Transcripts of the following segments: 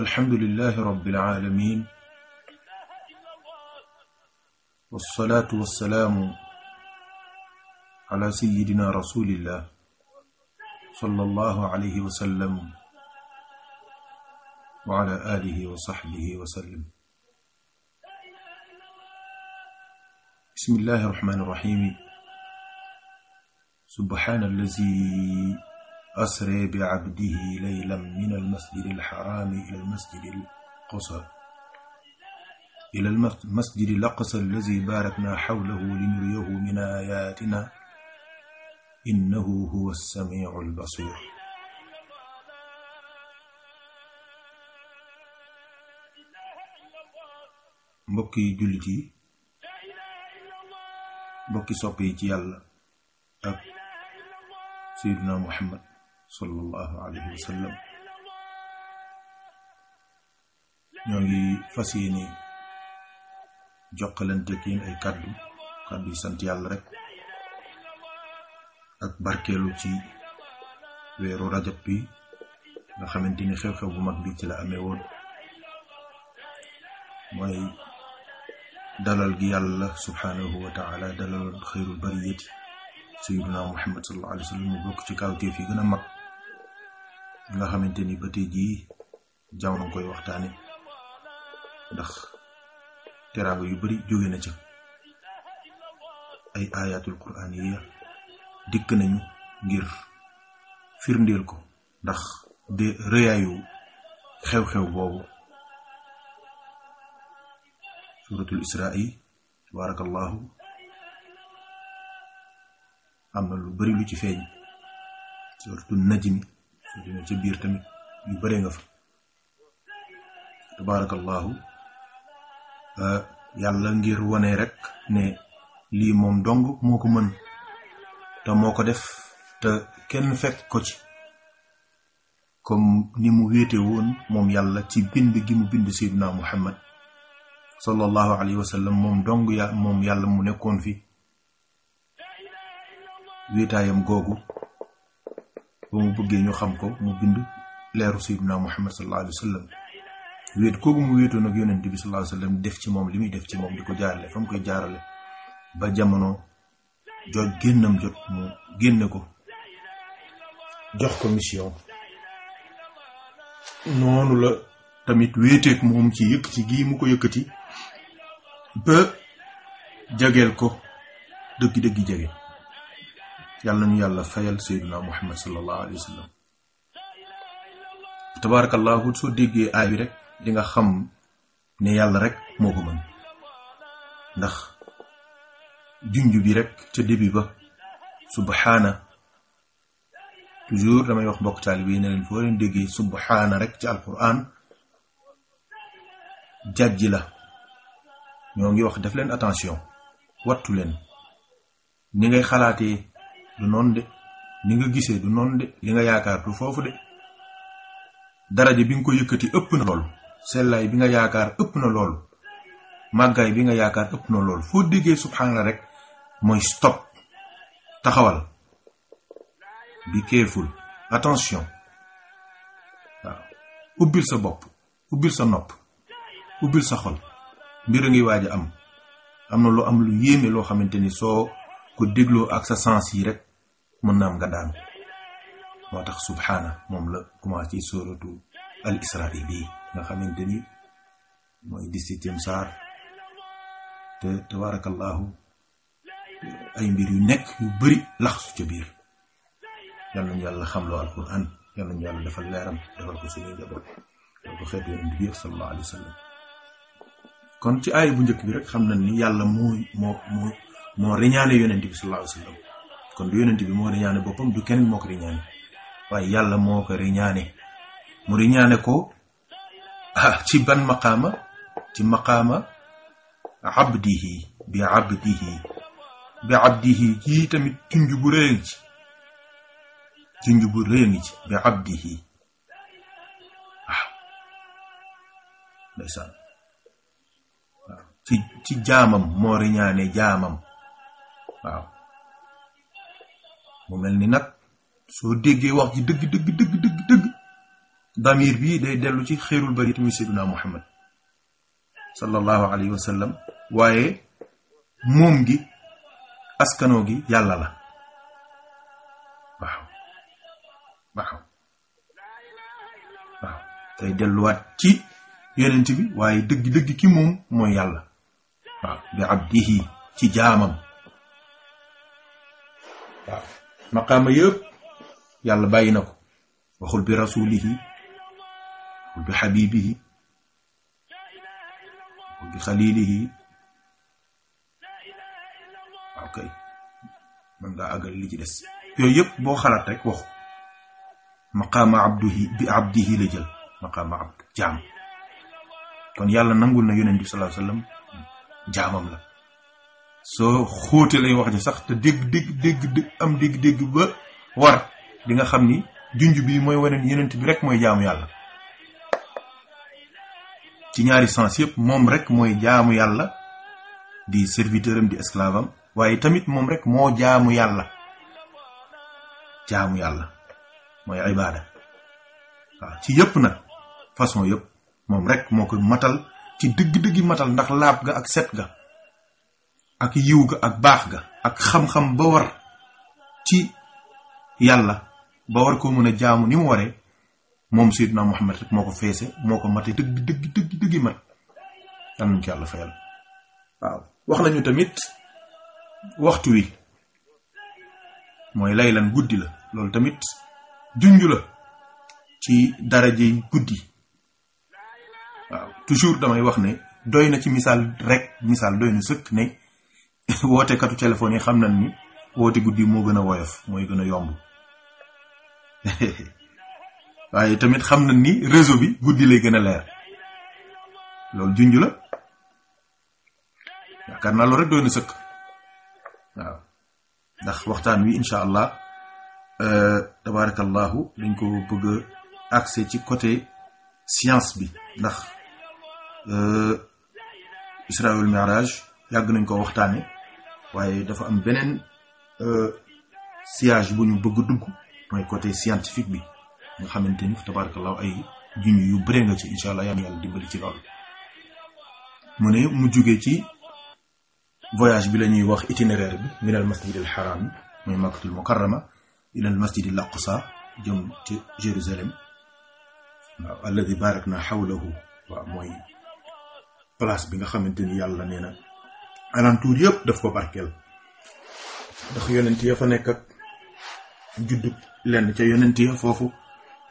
alhamdulillahi rabbil aalamiin wassalaatu wassalaamu ala sayyidina rasulillah sallallahu alayhi wa sallam wa ala aalihi wa sahbihi wa sallam bismillahi rahmaani rahiim subhaana allazi asra bi abdihi laylan min almasjid alxaraami ila almasjid alaqsa ila almasjid alaqsa alladi baarakna xawlahu linuriyahu min ayatina innahu huwa alsamiu albasir mbokki jullit yi mbokki sopp yi ci yàlla ak seyduna muhammad sallallahu alayhi wa sallam ñoo ngi fas yéene jokkalante ak ay kàddu kàddu yi sant yàlla rek ak barkeelu ci weeru rajab bi nga xamante ni xew-xew bu mag bi ci la amee woon mooy dalal gi yàlla subhaanahu wa taala dalal xayrul bariyati sayyiduna muhammad sallallahu wa sallam mu bokk ci kawteef yi gën a mag nga xamante ni ba tey jii jaww koy waxtaane ndax teraanga yu bari jóge na ca ay ayatul quraan yi dikk nañu ngir firndeel ko ndax de rëyaayu xew-xew boobu suuratul israa tabaarakallaahu am na lu bari lu ci feeñ suuratul najmi dina ci biir tamit yu bëree nga fa tabaarakallaahu ah, yàlla ngir wane rekk ne lii moom dong moo ko mën te moo ko def te kenn fekk ko ci comme ni mu wéete woon moom yàlla ci bind gi mu bind Seydina Muhammad sallallahu alayhi wa moom dong yàlla mu nekkoon fi wéetaayam googu ba mu bëggee ñu xam ko mu bind leeru sayyidina muhammad sallallahu alayhi wa sallam wéet kooku mu wéetoon ak yonent bi sallallahu alayhi def ci moom li muy def ci moom di ko jaarale fa mu koy ba jamono jot génnam jot mu génne ko jox ko noonu la tamit wéeteek moom ci yëkkati gii mu ko yëkkati ba jageel ko dëgg-dëgg jege yàlla nañu yàlla fayal sayyidina muhammad sallallahu alayhi wa sallam tabarakallahu soo déggee aay bi rek di nga xam ne yàlla rek moo ko mën ndax junj bi rek ca début ba subhaana toujours damay wax mbokk taali bi ne leen foo leen déggee subhaana rek ci alquran jàjji la ñoo ngi wax def leen attention wattu leen ni ngay xalaatee du noonu de ni nga gisee du noonu de li nga yaakaar du foofu de daraja bi nga ko yëkkati ëpp na loolu sellaay bi nga yaakaar ëpp na loolu màggaay bi nga yaakaar ëpp na loolu foo déggee subhanallah rek mooy stop taxawal bi careful attention waaw ubbil sa bopp ubbil sa nopp ubbil sa xol mbir a ngi waaj am am na lu am lu yéeme loo xamante ni soo ko dégloo ak sa sens yi rek mën na am nga daanu moo tax subhaana moom la commencé sóoratu al israil bii nga xamante ni mooy dix-septième saar te tabarakallahu ay mbir yu nekk yu bëri laxsu ca biir yal nañu yàlla xam loo yal nañu yàlla defal leeram defal ko suñuy njaboot defal ko xeetu yonent bi sallallahu kon ci aay bu njëkk bi rek xam na ni yàlla moo moo moo moo reñaale yonent bi sallallahu alayhi wa sallam kon du yonent bi moo riñaane boppam du keneen moo ko riñaane waaye yàlla moo ko riñaane mu riñaane ko ah ci ban maqaama ci maqaama abdihi bi bi abdihi kii tamit ci junj bu rëy a bi abdihi ah. waaw ci ci jaamam moo riñaane jaamam waaw mu mel ni nag soo déggee wax ji dëgg dëgg dëgg dëgg dëgg day dellu ci xeyrul bariit muy seyduna muhammad sallallahu alayhi wa waaye moom gi askanoo gi yàlla la waaw tey delluwaat ci yonent bi waaye dëgg dëgg ki moom mooy yàlla waaw bi abdihi ci jaamam waaw maqaama yëpp yàlla bàyyi na ko waxul bi rasulihi waxul bi xabibihi waxul bi xalilihi ngaa àggal li ci des yooyu yëpp boo xalaat rek waxu maqaama abduhi bi abdihi la jël maqaama abd jaam kon yàlla nangu la yonent bi wasallam jaamam la soo xóote lay wax ji sax te dégg dégg dégg dégg am dégg dégg ba war di nga xam ni junj bi mooy wane ni bi rek mooy jaamu yàlla ci ñaari sens yëpp moom rek mooy jaamu yàlla di serviteur di esclave am waaye tamit moom rek moo jaamu yàlla jaamu yàlla mooy ibaada waaw ci yëpp nag façon yëpp moom rek moo ko matal ci digg dëggi matal ndax laab ga ak set ga ak yiw ga ak baax ga ak xam-xam ba war ci yàlla ba war koo mën a jaamu ni mu waree moom Seydina Muhammad rek moo ko feese moo ko mate dëgg dëgg dëgg dëgg mat daan nañ ci yàlla fayal waaw wax nañu tamit waxtu wi mooy laylan guddi la loolu tamit junj la ci darajey guddi waaw toujours damay wax ne doy na ci misaal rek misaal doy na sëkk ne woote katu téléphone yi xam nañ ni woote guddi moo gën a woyof mooy gën a yomb waaye tamit xam nañ ni réseau bi guddi lay gën a leer loolu junj la yaakaar naa loolu rek doy na sëkk waaw ndax waxtaan wi incha allah euh, tabarakallahu dañ ko bëgg a accès ci côté science bi ndax euh, Israël Miraj yàgg nañ ko waxtaane waaye dafa am beneen euh, sillage bu ñu bëgg dugg mooy côté scientifique bi nga xamante ni tabarakallah ay junj yu bëre nga ci incha allah yàlla dimbali ci loolu mu ne mu jóge ci voyage bi lañuy ñuy wax itinéraire bi min al masjid al haram muy makkatul mukarrama ila al masjid al aqsa jëm ci jérusalem waaw alladi barak na xawlahu waaw mooy place bi nga xamante ni yàlla nee na alentour yëpp daf ko barkeel ndax yonent ya fa nekk ak juddu lenn ca yonent ya foofu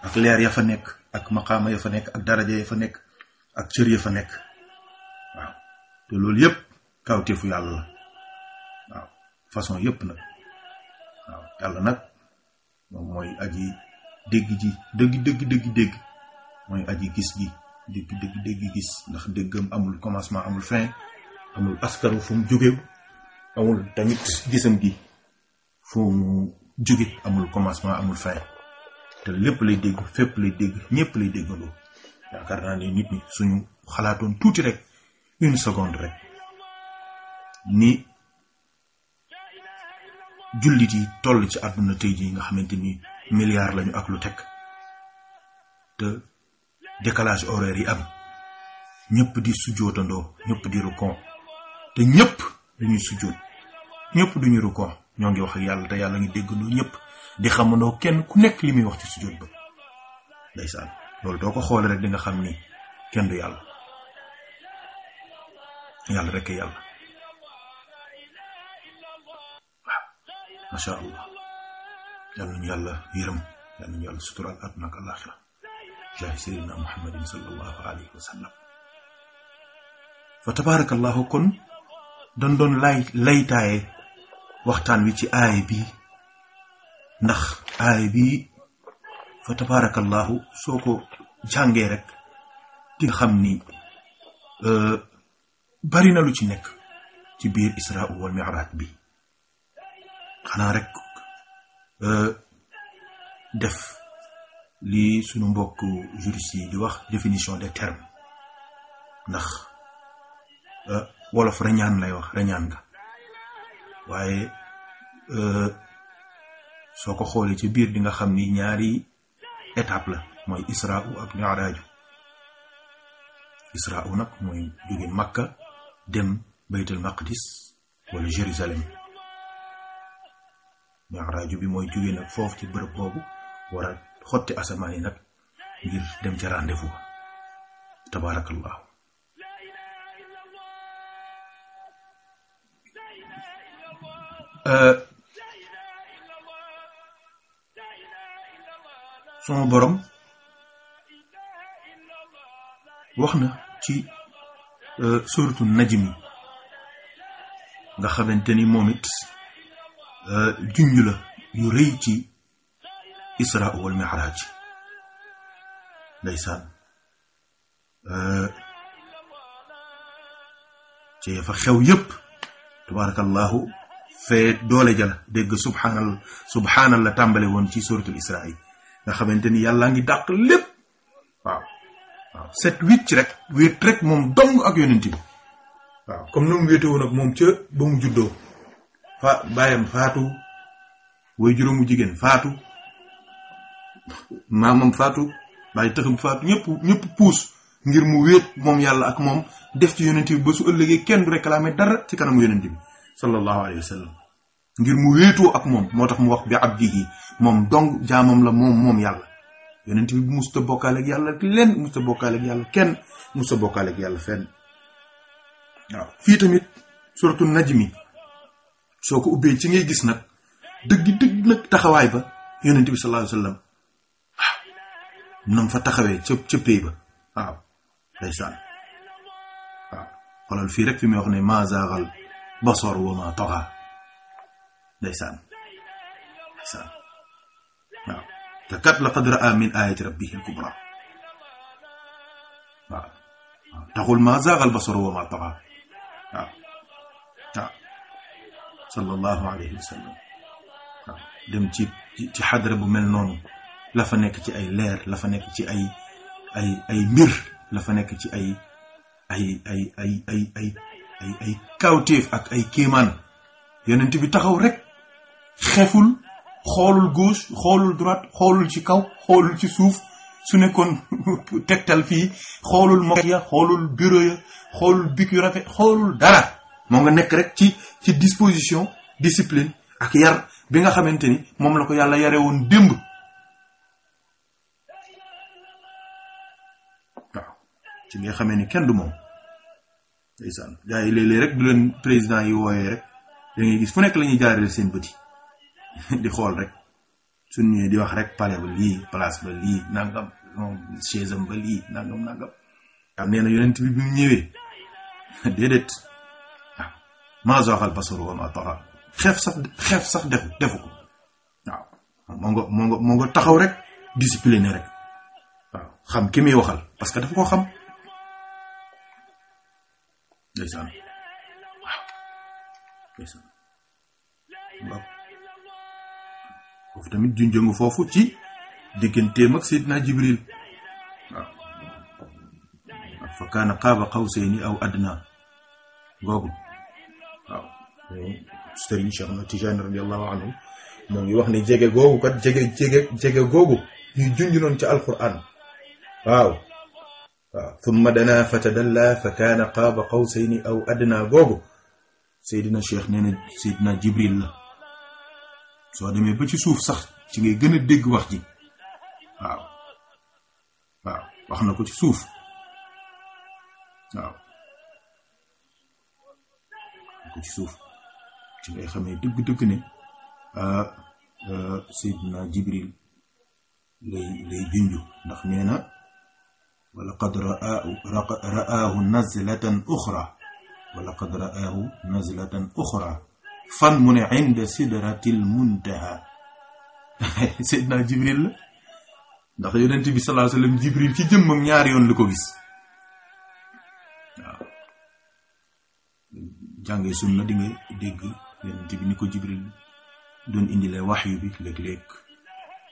ak leer ya fa nekk ak maqaama ya fa nekk ak daraja ya fa nekk ak cër ya fa nekk waaw te loolu yëpp kawteefu yàlla la waaw façon yëpp nag waaw yàlla nag moom mooy aji dégg ji dëgg dëgg dëgg dégg mooy aji gis gi dégg dëgg dégg gis ndax déggam amul commencement amul fin amul askanu fu mu jóge amul tamit gisam gi fu mu jóge amul commencement amul fin te lépp lay dégg fépp lay dégg ñépp lay déggandoo yaakaar naa ni nit ñi suñu xalaatoon tuuti rek une seconde rek ni jullit yi toll ci àdduna tey jii nga xamante ni milliards lañu ak lu teg te décalage horaire yi am ñëpp di sujjootandoo ñëpp di rukon te ñëpp dañuy sujjóot ñëpp duñu rukkoo ñoo ngi wax ak yàlla te yàlla ngi déggandoo ñëpp di xamandoo kenn ku nekk li muy wax ci sujjóot ba ndeysaan loolu doo ko xoolee rek di nga xam ni kenn du yàlla yàlla rek yàlla waaw macha allah yàlla nañu yàlla yërëm yàlla nañu yàlla suturaal àdduna ak àllaaxira jaahi muhammadin sallallahu alayhi wa fa tabaarakallahu kon dañ doon laytaaye waxtaan wi ci aay bi ndax aay bi fa tabaarakallaahu soo ko jàngee rek di xam ni euh, bari na lu ci nekk ci biir isra wal bi xanaa rek euh, def li sunu mbokk juriste yi di wax définition des termes ndax euh, wolof reñaan lay wax reñaan nga waaye euh, soo ko xoolee ci biir di nga xam ni ñaari étape la mooy isra u ak miraaju isra u nag mooy jóge makka dem baytul maqdis wala jérusalem miraaju bi mooy jóge nag foofu ci bërëb boobu war xotti asamaan yi nag ngir dem ca rendez-vous tabarakallahu Euh, sama borom wax na ci euh, suratu najmi nga xamante ni moom it euh, junj la yu rëy ci isra wal mi'raj ndeysaan ci fa xew yépp tabarakallahu fee doole ja la dégg subhaanal subhaanal la tàmbale woon ci suratul isra yi nga xamante ni yàlla ngi dàq lépp waaw set wicc rek wéet rek moom dong ak yonent bi waaw comme ni mu wéete woon ak moom ca ba mu juddoo fa bàyyam faatu way juróomu jigéen faatu maamam faatu bàyyi taxam faatu ñëpp ñëpp puus ngir mu wéet moom yàlla ak moom def ci yonent bi ba su ëllëgee kenn du réclamer dara ci kanam yonent bi sallallahu alayhi wa sallam ngir mu wéetoo ak moom moo tax mu wax bi abdihi moom dong jaamam la moom moom yàlla yonent bi musta bokkaale yàlla lenn musta bokkaale yàlla kenn musta bokkaale yàlla fenn waaw fii tamit suratu najmi soo ko ubbee ci ngay gis nag dëgg dëgg nag taxawaay ba yonent bi sallallahu sallam nam fa taxawee ca ca ba waaw xoolal fii rek fi muy wax ne ma basar wa ma taxa ndeysaan ndeysaan waaw te kat laqad raa min ayati rabbihi al-kubra waaw waaw taxul ma zaaga al-basar wa ma taxa waaw waaw sallallahu alayhi wa sallam waaw dem ci ci xadra bu mel noonu la fa nekk ci ay leer la fa nekk ci ay ay ay mbir la fa nekk ci ay ay ay ay ay ay ay ay kawtéef ak ay kéemaan yonent bi taxaw rek xeful xoolul gauche xoolul droite xoolul ci kaw xoolul ci suuf su nekkoon tegtal fii xoolul moket ya xoolul bureau ya xoolul bic yu rafet xoolul dara moo nga nekk rek ci ci disposition discipline ak yar bi nga xamante ni moom la ko yàlla yare woon démb waaw ci nga xame ni kenn du moom ndeysaan gars yi léeg-léeg rek bu leen président yi wooyee rek da gis fu nekk la ñuy jaarale seen bët yi di xool rek suñ ñëwee di wax rek palais ba lii place ba lii nangam chaise am ba lii nangam nangam. waaw nee na yonent bi bi mu ñëwee déedéet waaw maa zaaxal basaru wa maa taxa xeef sax xeef sax defu defu ko moo nga moo nga moo nga taxaw rek discipliné rek waaw xam ki muy waxal parce dafa ko xam. ndeysaan waaw foofu tamit junjoo nga foofu ci digganteem ak Seydina Jibril waaw waaw fa kaana qaaba qawsayni aw adna googu waaw Sëriñ Cheikh na Tijaan radiyallahu anhu moo ngi wax ne jege googu kat jege jege jege googu ñuy junj noonu ci alquran waaw waaw thumma dana fa tadalla fa kaana qaaba qawsayni aw adna googu Seydina Cheikh nee na Jibril la soo demee ba ci suuf sax ci ngay gën a dégg wax ji waaw waaw wax na ko ci suuf waaw ko ci suuf ci ngay xamee dëgg-dëgg ne Seydina Jibril lay lay junju ndax nee walaqad ra'aahu nazlatan uxra walaqad ra'aahu nazlatan uxra fan mu ne inda sidratil muntaha jibril la ndax yonent bi salaa sallam jibril ci jëmmam ñaari yoon li ko gis waaw jàngee sunna di dégg ni ko jibril doon indilee waxyu bi léeg-léeg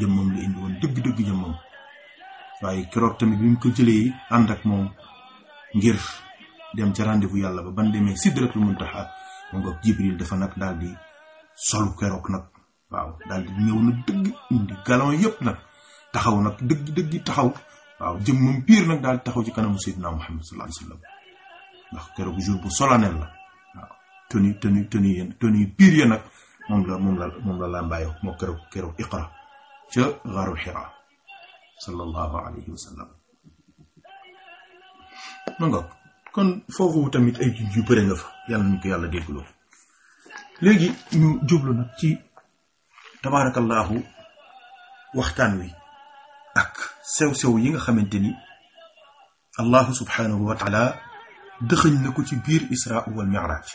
jëmmam la indi woon dëgg-dëgg jëmmam waaye keroog tamit bi mu ko jëlee ànd ak moom ngir dem ca rendez-vous yàlla ba ban demee sidratul muntaha mu nga jibril dafa nag daal di sol keroog nag waaw daal di ñëw na dëgg indi galon yépp nag taxaw nag dëgg dëgg taxaw waaw jëmmam piir nag daal di taxaw ci kanamu sayyidina muhammad sallallahu alayhi ndax keroog jour bu solennel la waaw tenu tenu tenu yéen tenu piir ya nag moom la moom la moom la moo ca xaru xira sallallahu alayhi wa sallam ma ngoog kon foofu tamit ay junj yu bëri nga fa yàlla nañ ko yàlla déggloo léegi ñu jublu nag ci tabaarakallaahu waxtaan wi ak sew-sew yi nga xamante ni allahu subhanahu wa dëxëñ na ko ci biir isra wal miraaj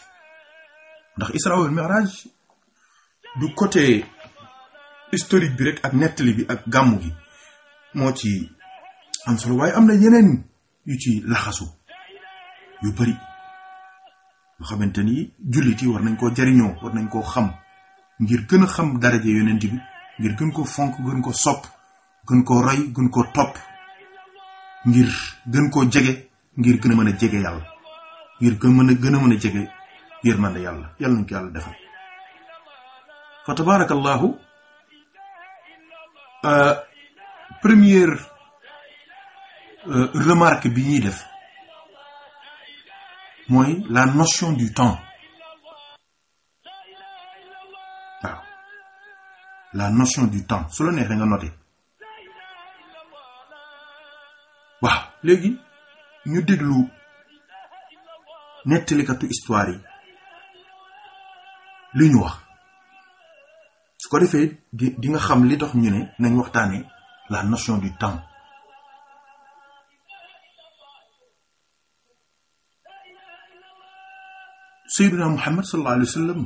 ndax isra wal miraaj du côté historique bi rek ak nettali bi ak gàmmu gi moo ci am solo waaye am na yeneen yu ci laxasu yu bari nga xamante ni jullit yi war nañ koo jariñoo war nañ koo xam ngir gën a xam daraje yonent bi ngir gën koo fonk gën ko sopp gën ko roy gën ko topp ngir gën koo jege ngir gën a mën a jege yàlla ngir gën mën a gën a mën a jege yërmande yàlla yàlla nañ ko yàlla defal première euh, remarque bi ñuy def mooy la notion du temps la notion du temps su la neexee nga noté waaw léegi ñu déglu nettalikatu histoire yi li ñu wax. su ko defee di di nga xam li dox ñu ne nañ waxtaanee la notion du temps Seydina Muhammad sallallahu alayhi wa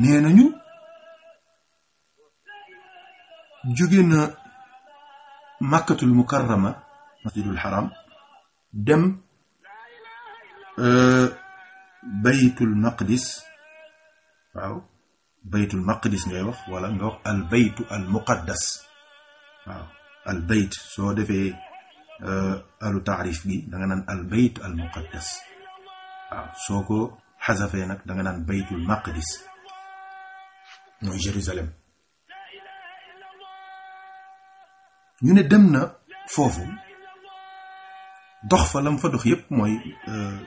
nee nañu jóge na Makkatul Mukarrama masjidul Haram dem euh, Baytul Maqdis waaw baytul maqdis ngay wax wala nga wax al baytu al muqaddas al bayt soo defee euh, alu taarif bi da nga naan al bayt al muqaddas waaw soo ko xasafee nag da nga naan baytul maqdis mooy Jérusalem ñu ne dem na foofu dox fa lam fa dox yépp mooy euh,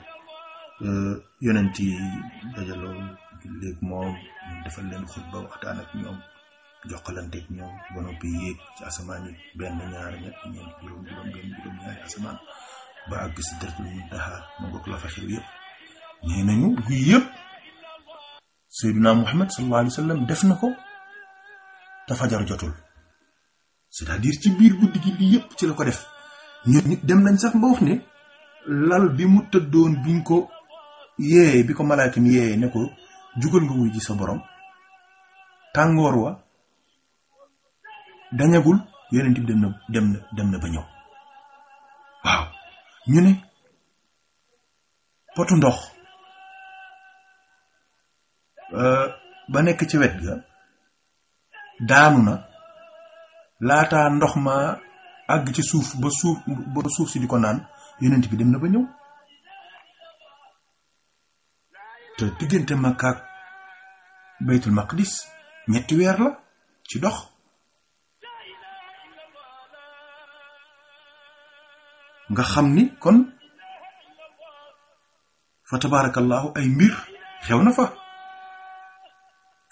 Euh, yonent yi dajaloo léegi moom defal leen xutba waxtaan ak ñoom jokkalante ñoom ba noppi yéeg ci asamaan benn ñaar ñett ñeent juróom juróom benn juróom ñaari asamaan ba àgg si dërtul mu daxaar ma ngoog la fa xew yëpp nee nañu guy yëpp sayduna muhammad sallallahu alayhi wa sallam def na ko te fajar jotul c'est-à-dire ci biir guddi gi lii la ko def ñun nañ sax ba wax ne bi ko yéeye bi ko malaaka mi ne ko jugal nga wuy sa borom tàngoor wa dañagul yonent bi dem na dem na dem na ba ñëw waaw ñu ne potu ndox euh, ba nekk ci wet ga daanu na laataa ndox ma àgg ci suuf ba suuf ba suuf si di ko naan yonent bi dem na ba ñëw te diggante Makka ak baytul maqdis ñetti weer la ci dox nga xam ni kon fa tabaarakallaahu ay mbir xew na fa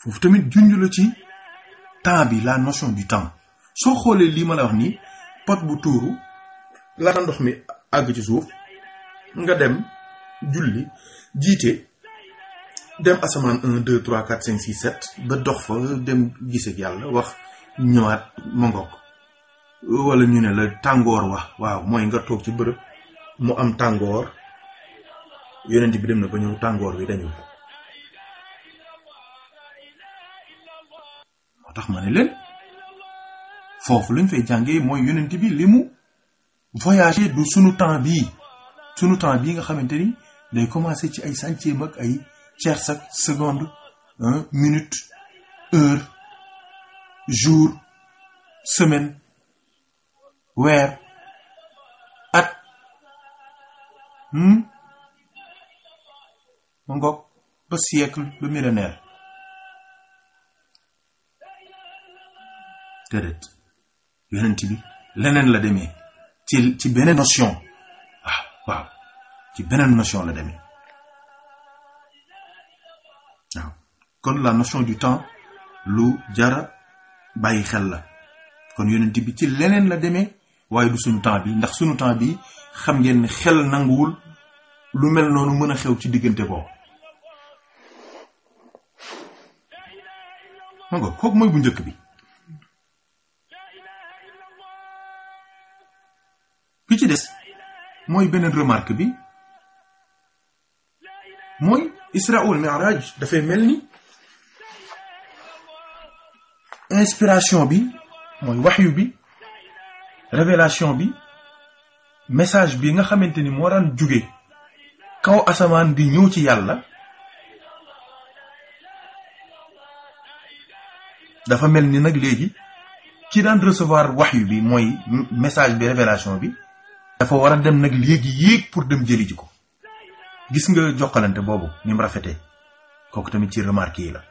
foofu tamit junj la ci temps bi la notion du soo xoolee lii ma la wax ni pot bu tuuru laata ndox mi àgg ci suuf nga dem julli jiite dem asamaan 1 2 3 4 5 6 7 ba dox fa dem gis yàlla wax ñëwaat ma ngoog wala ñu ne la tàngoor wa waaw mooy nga toog ci bërëb mu am tàngoor yonent bi dem na ba ñëw tàngoor bi dañu moo tax ma ne leen foofu luñ fay jàngee mooy yonent bi li mu voyager du sunu temps bi sunu temps bii nga xamante ni day commencer ci ay chantier mag ay cherche chaque seconde minute heure jour semaine weer at hmm? ma ngoog ba siècle ba millénaire déedéet yonent bi leneen la deme ci ci beneen notion waaw ah, waaw ci beneen notion la demee kon la notion du temps lu jara bàyyi xel la kon yonent bi ci leneen la demee waaye du suñu temps bi ndax suñu temps bi xam ngeen ne xel nanguwul lu mel noonu mën a xew ci diggante boobu nga kooku mooy bu njëkk bi ci des mooy beneen remarque bi mooy dafay mel ni inspiration bi mooy waxyu bi révélation bi message bi nga xamante ni moo daan jóge kaw asamaan di ñëw ci yàlla dafa mel ni nag léegi ki daan recevoir waxyu bi mooy message bi révélation bi dafa war a dem nag léegi yéeg pour dem jëli ko gis nga jokkalante boobu ni mu rafetee kooku tamit ci remarque yi la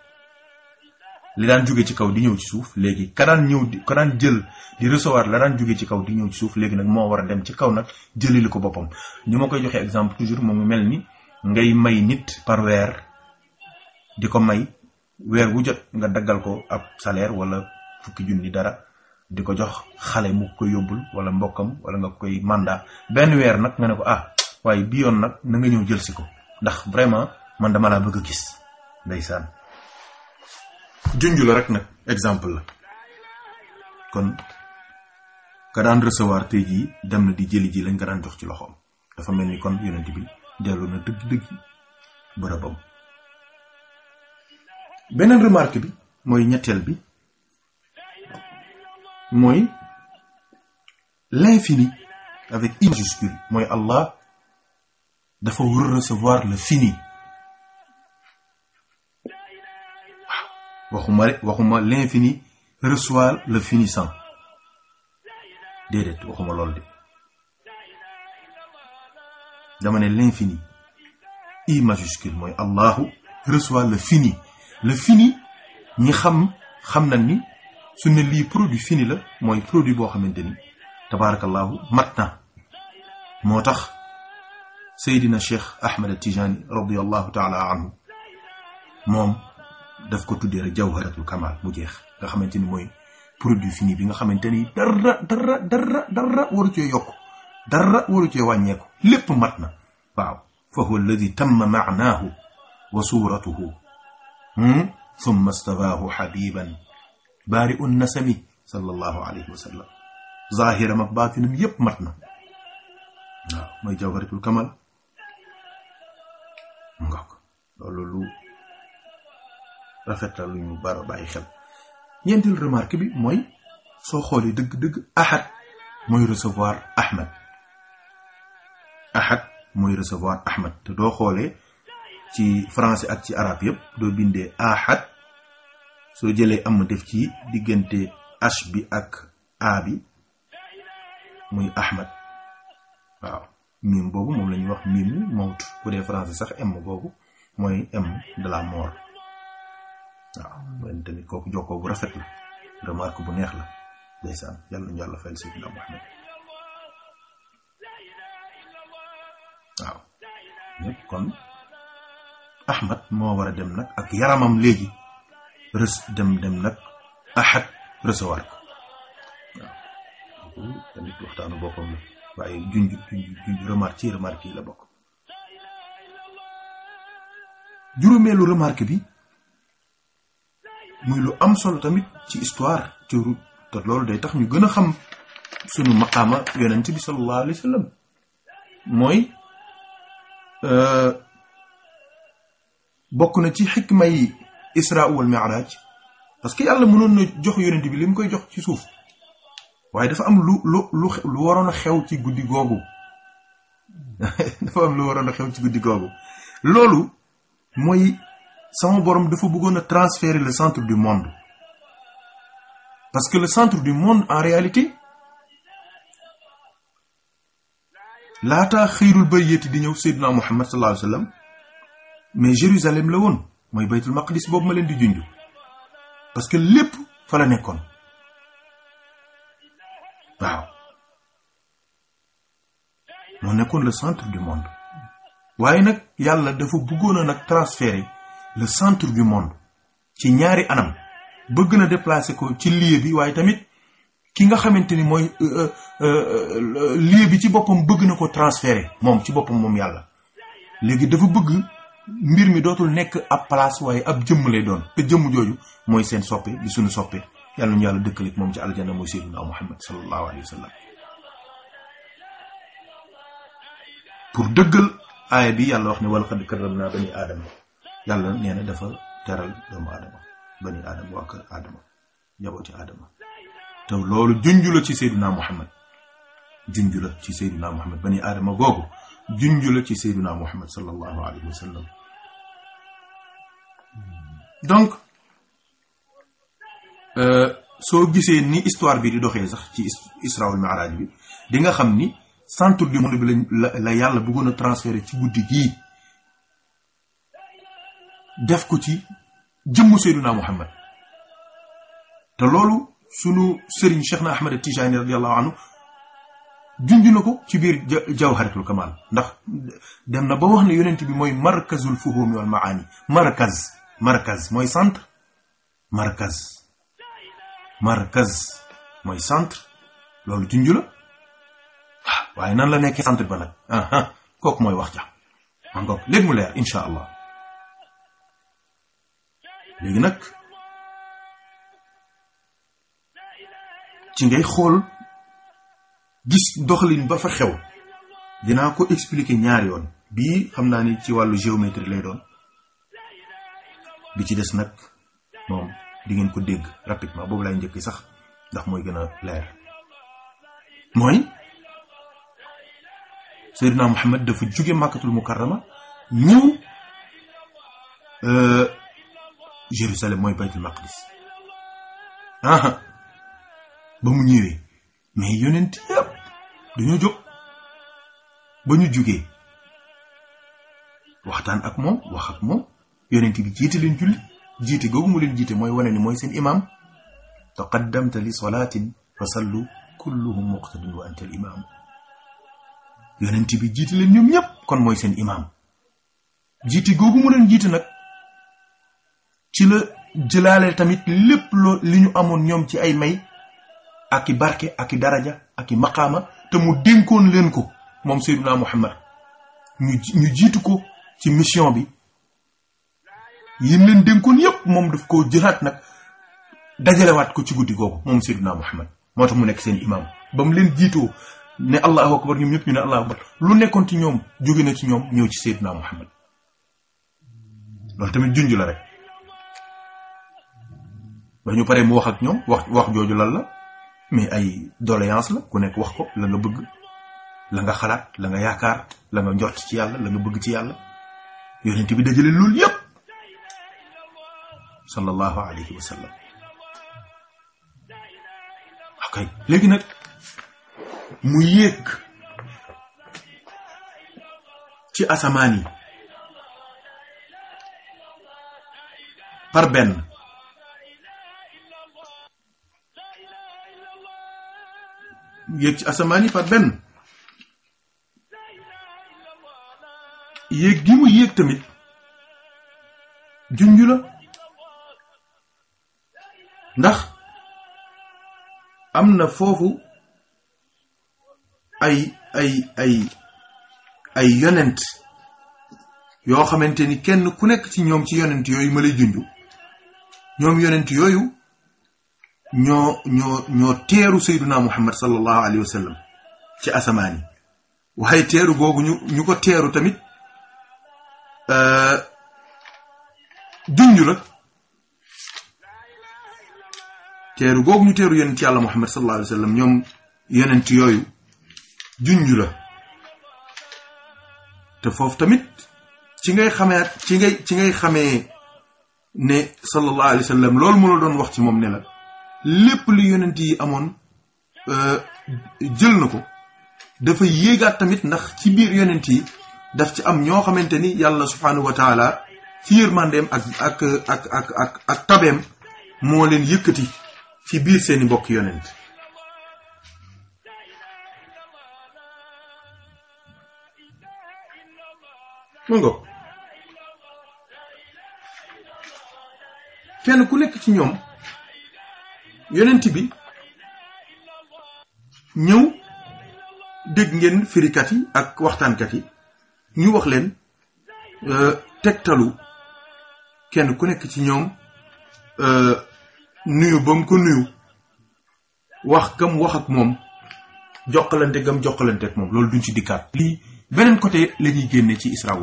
li daan jóge ci kaw di ñëw ci suuf léegi ka daan ñëw di jël di recevoir la daan jóge ci kaw di ñëw ci suuf léegi nag moo war a dem ci kaw nag jëli li ko boppam ñu ma koy joxee exemple toujours moom mu mel ni ngay may nit par weer di ko may weer wu jot nga daggal ko ab salaire wala fukki junni dara di ko jox xale mu ko yóbbul wala mbokkam wala nga koy mandat benn weer nag nga ne ko ah waaye bi yoon nag na nga ñëw jël si ko ndax vraiment man dama laa bëgg a gis ndeysaan junj la rek nag exemple la kon ka daan recevoir tey jii dem na di jëli ji lañ nga daan jox ci loxoom dafa mel ni kon yonent bi dellu na dëgg-dëgg bërëbam beneen remarque bi mooy ñetteel bi mooy l'infini avec i mooy Allah dafa wër recevoir le fini waxuma rek waxuma l'infini reçoit le finissant déedéet waxuma lool de dama ne l'infini i majuscule mooy allahu reçoit le fini le fini ñi xam xam na ni su ne lii produit fini la mooy produit boo xamante ni tabaarakallahu mat moo tax seydina cheikh ahmed a tijaani radiallahu taala anhu moom daf ko tuddee rek jawharatul kamal mu jeex nga xamante ni mooy produit fini bi nga xamante ni dara dara dara dara waru cee yokk dara waru cee wàññeeku lépp mat na waaw fa huwa alladi tamma maanaahu wa suuratuhu summa hmm? stafaahu xabiban baari un nasami sallallahu alayhi wa sallam zahiram ak baatinam yépp mat na waaw mooy jawharatul kamal nga ko loolu lu rafetal lu ñu bara bàyyi xel ñeenteel remarque bi mooy soo xoolee dëgg-dëgg ahad mooy recevoir ahmad ahad mooy recevoir ahmad te doo xoolee ci français ak ci arabe yëpp doo bindee ahad soo jëlee am def ci diggante h bi ak a bi muy ahmad waaw mim boobu moom la ñuy wax mimu mawt bu dee français sax m boobu mooy m de la mort waaw man tamit kook jokkoo bu rafet la remarque bu neex la ndeysaan yàlla nañu yàlla fayal Seydina Muhammad waaw ñëpp moo war a dem nag ak yaramam léegi res dem dem nag Ahad recevoir ko waaw tamit waxtaanu boppam waaye junj junj junj remarque ci remarque yi la bokk juróomeelu remarque bi. muy lu am solo tamit ci histoire ci te loolu day tax ñu gën a xam sunu maqaama yonent bi sallallahu alayhi wa sallam mooy euh, bokk na ci xikma yi isra wal mi'raj parce que yàlla mënoon na jox yonent bi li mu koy jox ci suuf waaye dafa am lu lu lu lu waroon a xew ci guddi googu dafa am lu waroon a xew ci guddi googu loolu mooy sama borom dafa bëggoon a transférer le centre du monde parce que le centre du monde en réalité laataa xëyrul bariyati di ñëw Seydina Muhammad sallallahu alayhi mais Jérusalem la woon mooy baytul maqdis boobu ma leen di junj parce que lépp fa la nekkoon waaw moo nekkoon le centre du monde waaye nag yàlla dafa bëggoon a nag transférer. le centre du monde ci ñaari anam bëgg na déplacer ko ci lieu bi waaye tamit ki nga xamante ni mooy euh, euh, euh, lieu bi ci boppam bëgg na ko transférer moom ci boppam moom yàlla léegi dafa bëgg mbir mi dootul nekk ab place waaye ab jëmm lay doon te jëmm jooju mooy seen soppe di suñu soppe yàlla ñu yàlla dëkkalik moom ci aljanna mooy sayyidina Muhammad sallallahu alayhi wa sallam pour dëggal aaya bi yàlla wax ne walaqad karramna bani aadama yàlla nee dafa teral doomu aadama bani aadama waa kër njabooti aadama te loolu junju la ci Seydina Muhammad junju la ci Seydina Muhammad bani aadama googu junju la ci Seydina Muhammad sallallahu alayhi wa sallam donc euh, soo gisee ni histoire bi di doxee sax ci Israa wal Mi'raaj bi di nga xam ni centre du monde bi la la yàlla bëggoon a transférer ci guddi gii def ko ci jëmm Seydina Muhammad te loolu sunu sëriñ Cheikh na Ahmed Tijaani radiyallahu anhu junj na ko ci biir jawharatul kamal ndax dem na ba wax ne yonent bi mooy markazul fuhumi wal maani markaz markaz mooy centre markaz markaz mooy centre loolu junj la waaye nan la nekkee centre ba nag ah, ah, kooku mooy wax ja man kooku léegi mu leer incha allah léegi nag ci ngay xool gis doxalin ba fa xew dinaa ko expliquer ñaar yoon bii xam naa ni ci wàllu géométrie lay doon bi ci des nag moom di ngeen ko dégg rapidement boobu lay njëkk sax ndax mooy gën a leer mooy Seydina Muhammad dafa jóge Màkkatul Mukarrama ñëw euh, Jérusalem mooy baytul maqdis ah ba mu ñëwee mais yonent yëpp dañoo jóg ba ñu jógee waxtaan ak moom wax ak moom yonent bi jiite leen julli jiite googu leen jiite mooy wane ni mooy seen imaam taqaddamta li solaatin fa sallu kulluhum muqtadin wa anta al imaam yonent bi jiite leen ñoom ñëpp kon mooy seen imaam jiite googu leen jiite nag ci la jëlaale tamit lépp li ñu amoon ñoom ci ay may ak i barke ak i daraja ak i maqaama te mu dénkoon leen ko moom Seydina Muhammad ñu ñu jiitu ko ci mission bi yin leen dënkoon yépp moom daf koo jëlaat nag dajalewaat ko ci guddi googu moom Seydina Muhammad moo tax mu nekk seen leen jiitoo ne ñëpp ñu ne allahu lu nekkoon ci ñoom jóge na ci ñoom ñëw ci Seydina Muhammad loolu tamit junj la rek ba ñu paree mu wax ak ñoom wax wax jooju lan la mais ay doléance la ku nekk wax ko la nga bëgg la nga xalaat la nga yaakaar la nga njort ci yàlla la nga bëgg ci yàlla yonent bi dajale léegi nag mu yéeg ci asamaan yi par benn yéeg ci asamaan yi par benn yéeg gi mu yéeg tamit junju la ndax am na foofu ay ay ay ay yonent yoo xamante ni kenn ku nekk ci ñoom ci yonent yooyu ma lay junju ñoom yonent yooyu ñoo ñoo ñoo teeru sayduna muhammad sallallahu alayhi wa ci asamaan yi waaye teeru googu ñu ñu ko teeru tamit euh, junj la teeru googu ñu teeru yonent yàlla muhammad sallallahu alayhi wa sallam ñoom yonent yooyu junj la te foofu tamit ci ngay xamee ci ngay ci ngay xamee ne sallallahu alayhi wa loolu mu la doon wax ci moom ne la lépp lu yonent yi amoon euh, jël na ko dafa yéegaat tamit ndax ci biir yonent yi daf ci am ñoo xamante ni yàlla subhaanahu wa taala ci yërmandeem ak ak ak ak tabeem moo leen yëkkati ci biir seeni mbokk yonent mungo kenn ku nekk ci ñoom yonent bi ñëw dégg ngeen firikat yi ak waxtaankat yi ñu wax leen euh, tegtalu kenn ku nekk ci ñoom euh, nuyu ba mu ko nuyu wax gam wax ak moom jokkalante gam jokkalante ak moom loolu duñ ci dikkaat lii beneen côté la ñuy génne ci Isra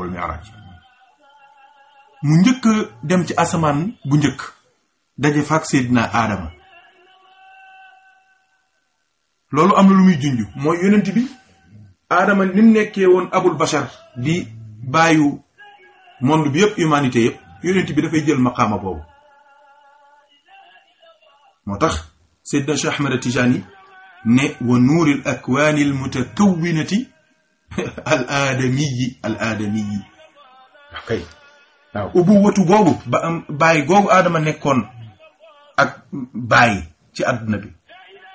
mu njëkk dem ci asamaan bu njëkk daje faak Seydina Aadama loolu am lu muy junj mooy yonent bi aadama ni mu nekkee woon abul bashar di bàyyu monde bi yëpp humanité yëpp yonent bi dafay jël maqaama boobu moo tax Seydina Cheikh Ahmada Tijaani ne wa nuuril akwaani al mutatawwinati al aadamiyi al aadamiyi ok waaw ubuwatu ba bàyyi googu aadama nekkoon ak bàyyi ci àdduna bi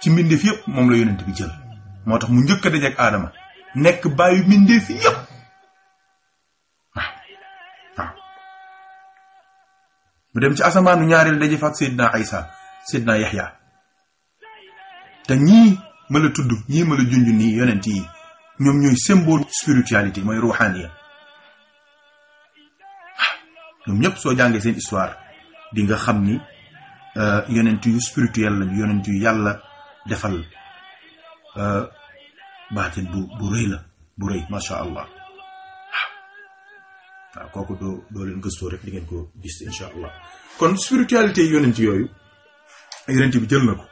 ci mbindeef yëpp moom la yonent bi jël moo tax mu njëkk a dajeeg aadama nekk bàyyi mbindeef yëpp waaw mu dem ci asamaanu ñaareel daje fa ak Seydina Aysa Seydina Yaxya te ñii ma la tudd ñii ma la junj nii yonent yi ñoom ñooy symbole spiritualité mooy ruuxaaniya ñoom ñëpp soo jàngee seen histoire di nga xam ni euh, yonent yu spirituel lañu yonent yu yàlla defal euh, baatin bu bu rëy la bu rëy macha allah waaw kooku doo doo leen gëstoo rek di ngeen ko gis incha allah kon spiritualité yonent yooyu yonent bi jël na ko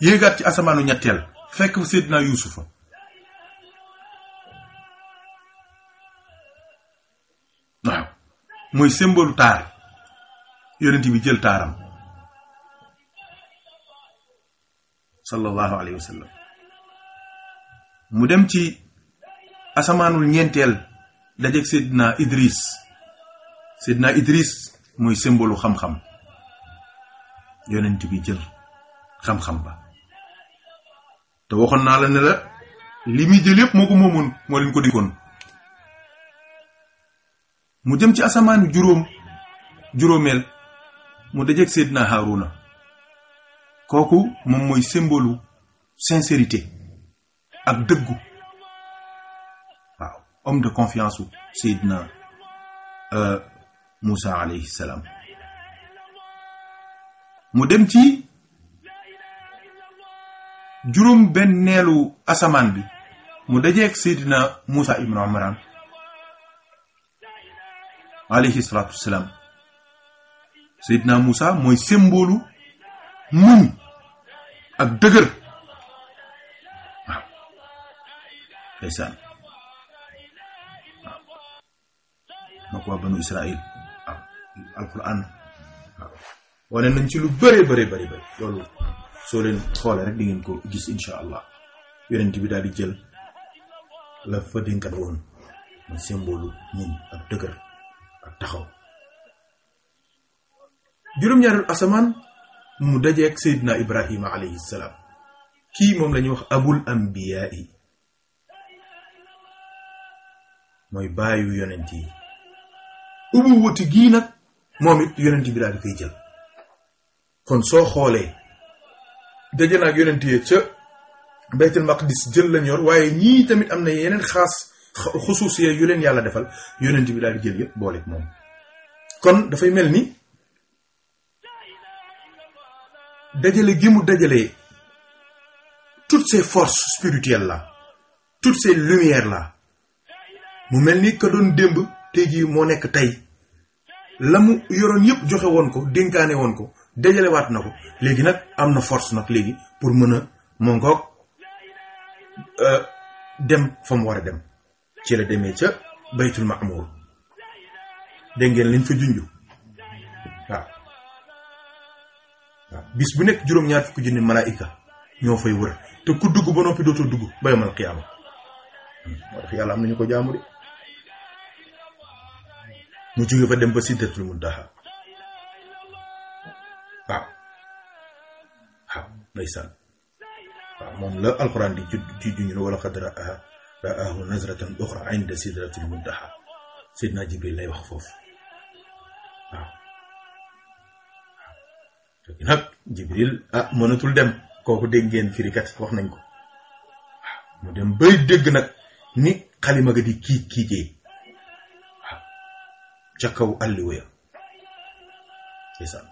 yéegaat ci asamaanu ñetteel fekk Seydina Yuusufa waaw mooy symbole taar yonent bi jël taaram sallallahu alayhi wa sallam mu dem ci asamaanul ñeenteel dajeeg naa Idris naa Idris mooy symbole xam-xam yonent bi jël xam-xam ba te waxoon naa la ne la li muy jël yëpp moo ko moomoon moo leen ko dikkoon mu jëm ci asamaan juróom juróomeel mu dajeeg Seydina Haruna kooku moom mooy symbole sincérité ak dëggu waaw homme de confiance u Seydina euh, Moussa mu dem ci juróom benneelu asamaan bi mu dajeeg Seydina Moussa ibnu Imran alayhi salaatu salaam Seydina Moussa mooy symbole muñ ak dëgër waaw ndeysaan ko waa banu Israël waaw alquran waaw wane nañ ci lu bëree bëri bëri bëri loolu soo leen xoolee rek di ngeen ko gis incha allah yonent bi daal di jël la fa dénkat woon mooy symbole muñ ak dëgër ak taxaw juróom-ñaareelu asamaan mu dajeeg Seydina Ibrahima alayhi salaam kii moom la ñuy wax abul ambiyaa yi mooy bàyyu yonent yi ubu wuti gii nag moom it yonent bi daal di koy jël kon soo xoolee daje naag yonent yi ca baytul maqdis jël la yor waaye ñii tamit am na yeneen xaas xusuusiya yu leen yàlla defal yonent bi daal di jël yépp booleeg moom kon dafay mel ni dajale gi mu dajale toutes ces forces spirituelles là toutes ces lumières là mu mel ni ka doon démb tey jii moo nekk tey la mu yoroon yëpp joxe woon ko dénkaane woon ko dajalewaat na ko léegi nag am na force nag léegi pour mën a moo ngoog euh, dem fa mu war a dem ci la demee ca baytul ma'mur dégg ngeen liñ fa junju bis bu nekk juróom-ñaar fukki junni malaayika ñoo fay wër te ku dugg ba noppi dootoo dugg ba yomal xiyaama moo tax yàlla am nañu ko jaamu de mu jóge fa dem ba sidratul muntaha waaw waaw ndeysaan waaw moom la alxuraan di ju ci juñu wala xad raaha raahu nazratan uxra inda sidratul muntaha sidna jibril lay wax foofu waaw nag jibril ah mënatul dem kooku dégg ngeen wax nañ ko waaw ah, mu dem bay dégg nag ni xalima ga di kiij kiijee waaw ah, ca kaw àlliwaya isaan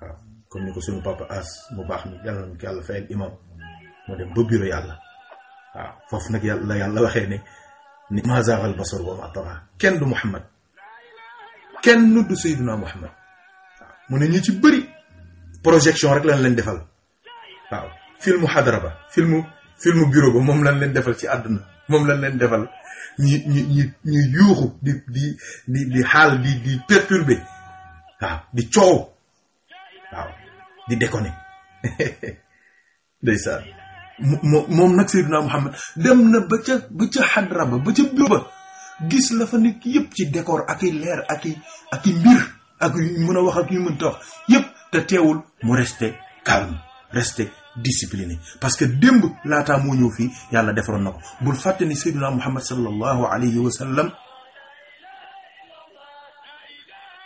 waaw ah, comme ni ko suñu papa as mu baax mi yàlla nañ ko yàlla imam mu dem ba bureau yàlla foofu nag yàlla yàlla waxee ne ni ma zaaxal basar wa ma kenn du muhammad kenn du sayduna muhammad waaw mu ñu ci bëri projection rek lañ leen defal waaw filmu xadara ba filmu filmu bureau ba moom lañ leen defal ci àdduna moom lañ leen defal ñi ñi ñi ñi yuuxu di di di di xaal di di perturber di coow di déconner ndeysaan moom nag Seydina Muhammad dem na ba ca ba ca xadra ci décor ak i leer ak i mbir ak yu mën a wax ak yu mënta wax yëpp te teewul mu resté calme resté discipliné parce que démb laataa moo ñëw fii yàlla defaroon na ko bul fàtte ni sayyiduna muhammad sallallahu alayhi wa sallam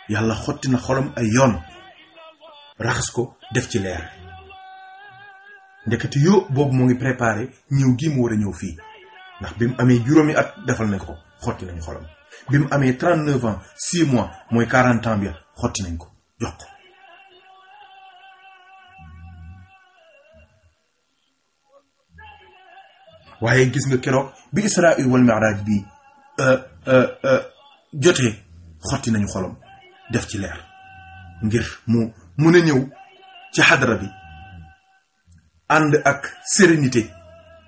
yàlla xotti na xolam ay yoon raxas ko def ci leer ndekete yoo boobu moo ngi préparé ñëw gii mu war a ñëw fii ndax bi mu amee juróomi at defal nañ ko xotti nañ xolam bi mu amee 39 ans 6 mois mooy 40 ans bi xotti nañ ko jox ko waaye gis nga keroog bi israa wal miraaj bi euh, euh, euh, jotee xotti nañu xolom def ci leer ngir mu mun a ñëw ci xadara bi ànd ak sérénité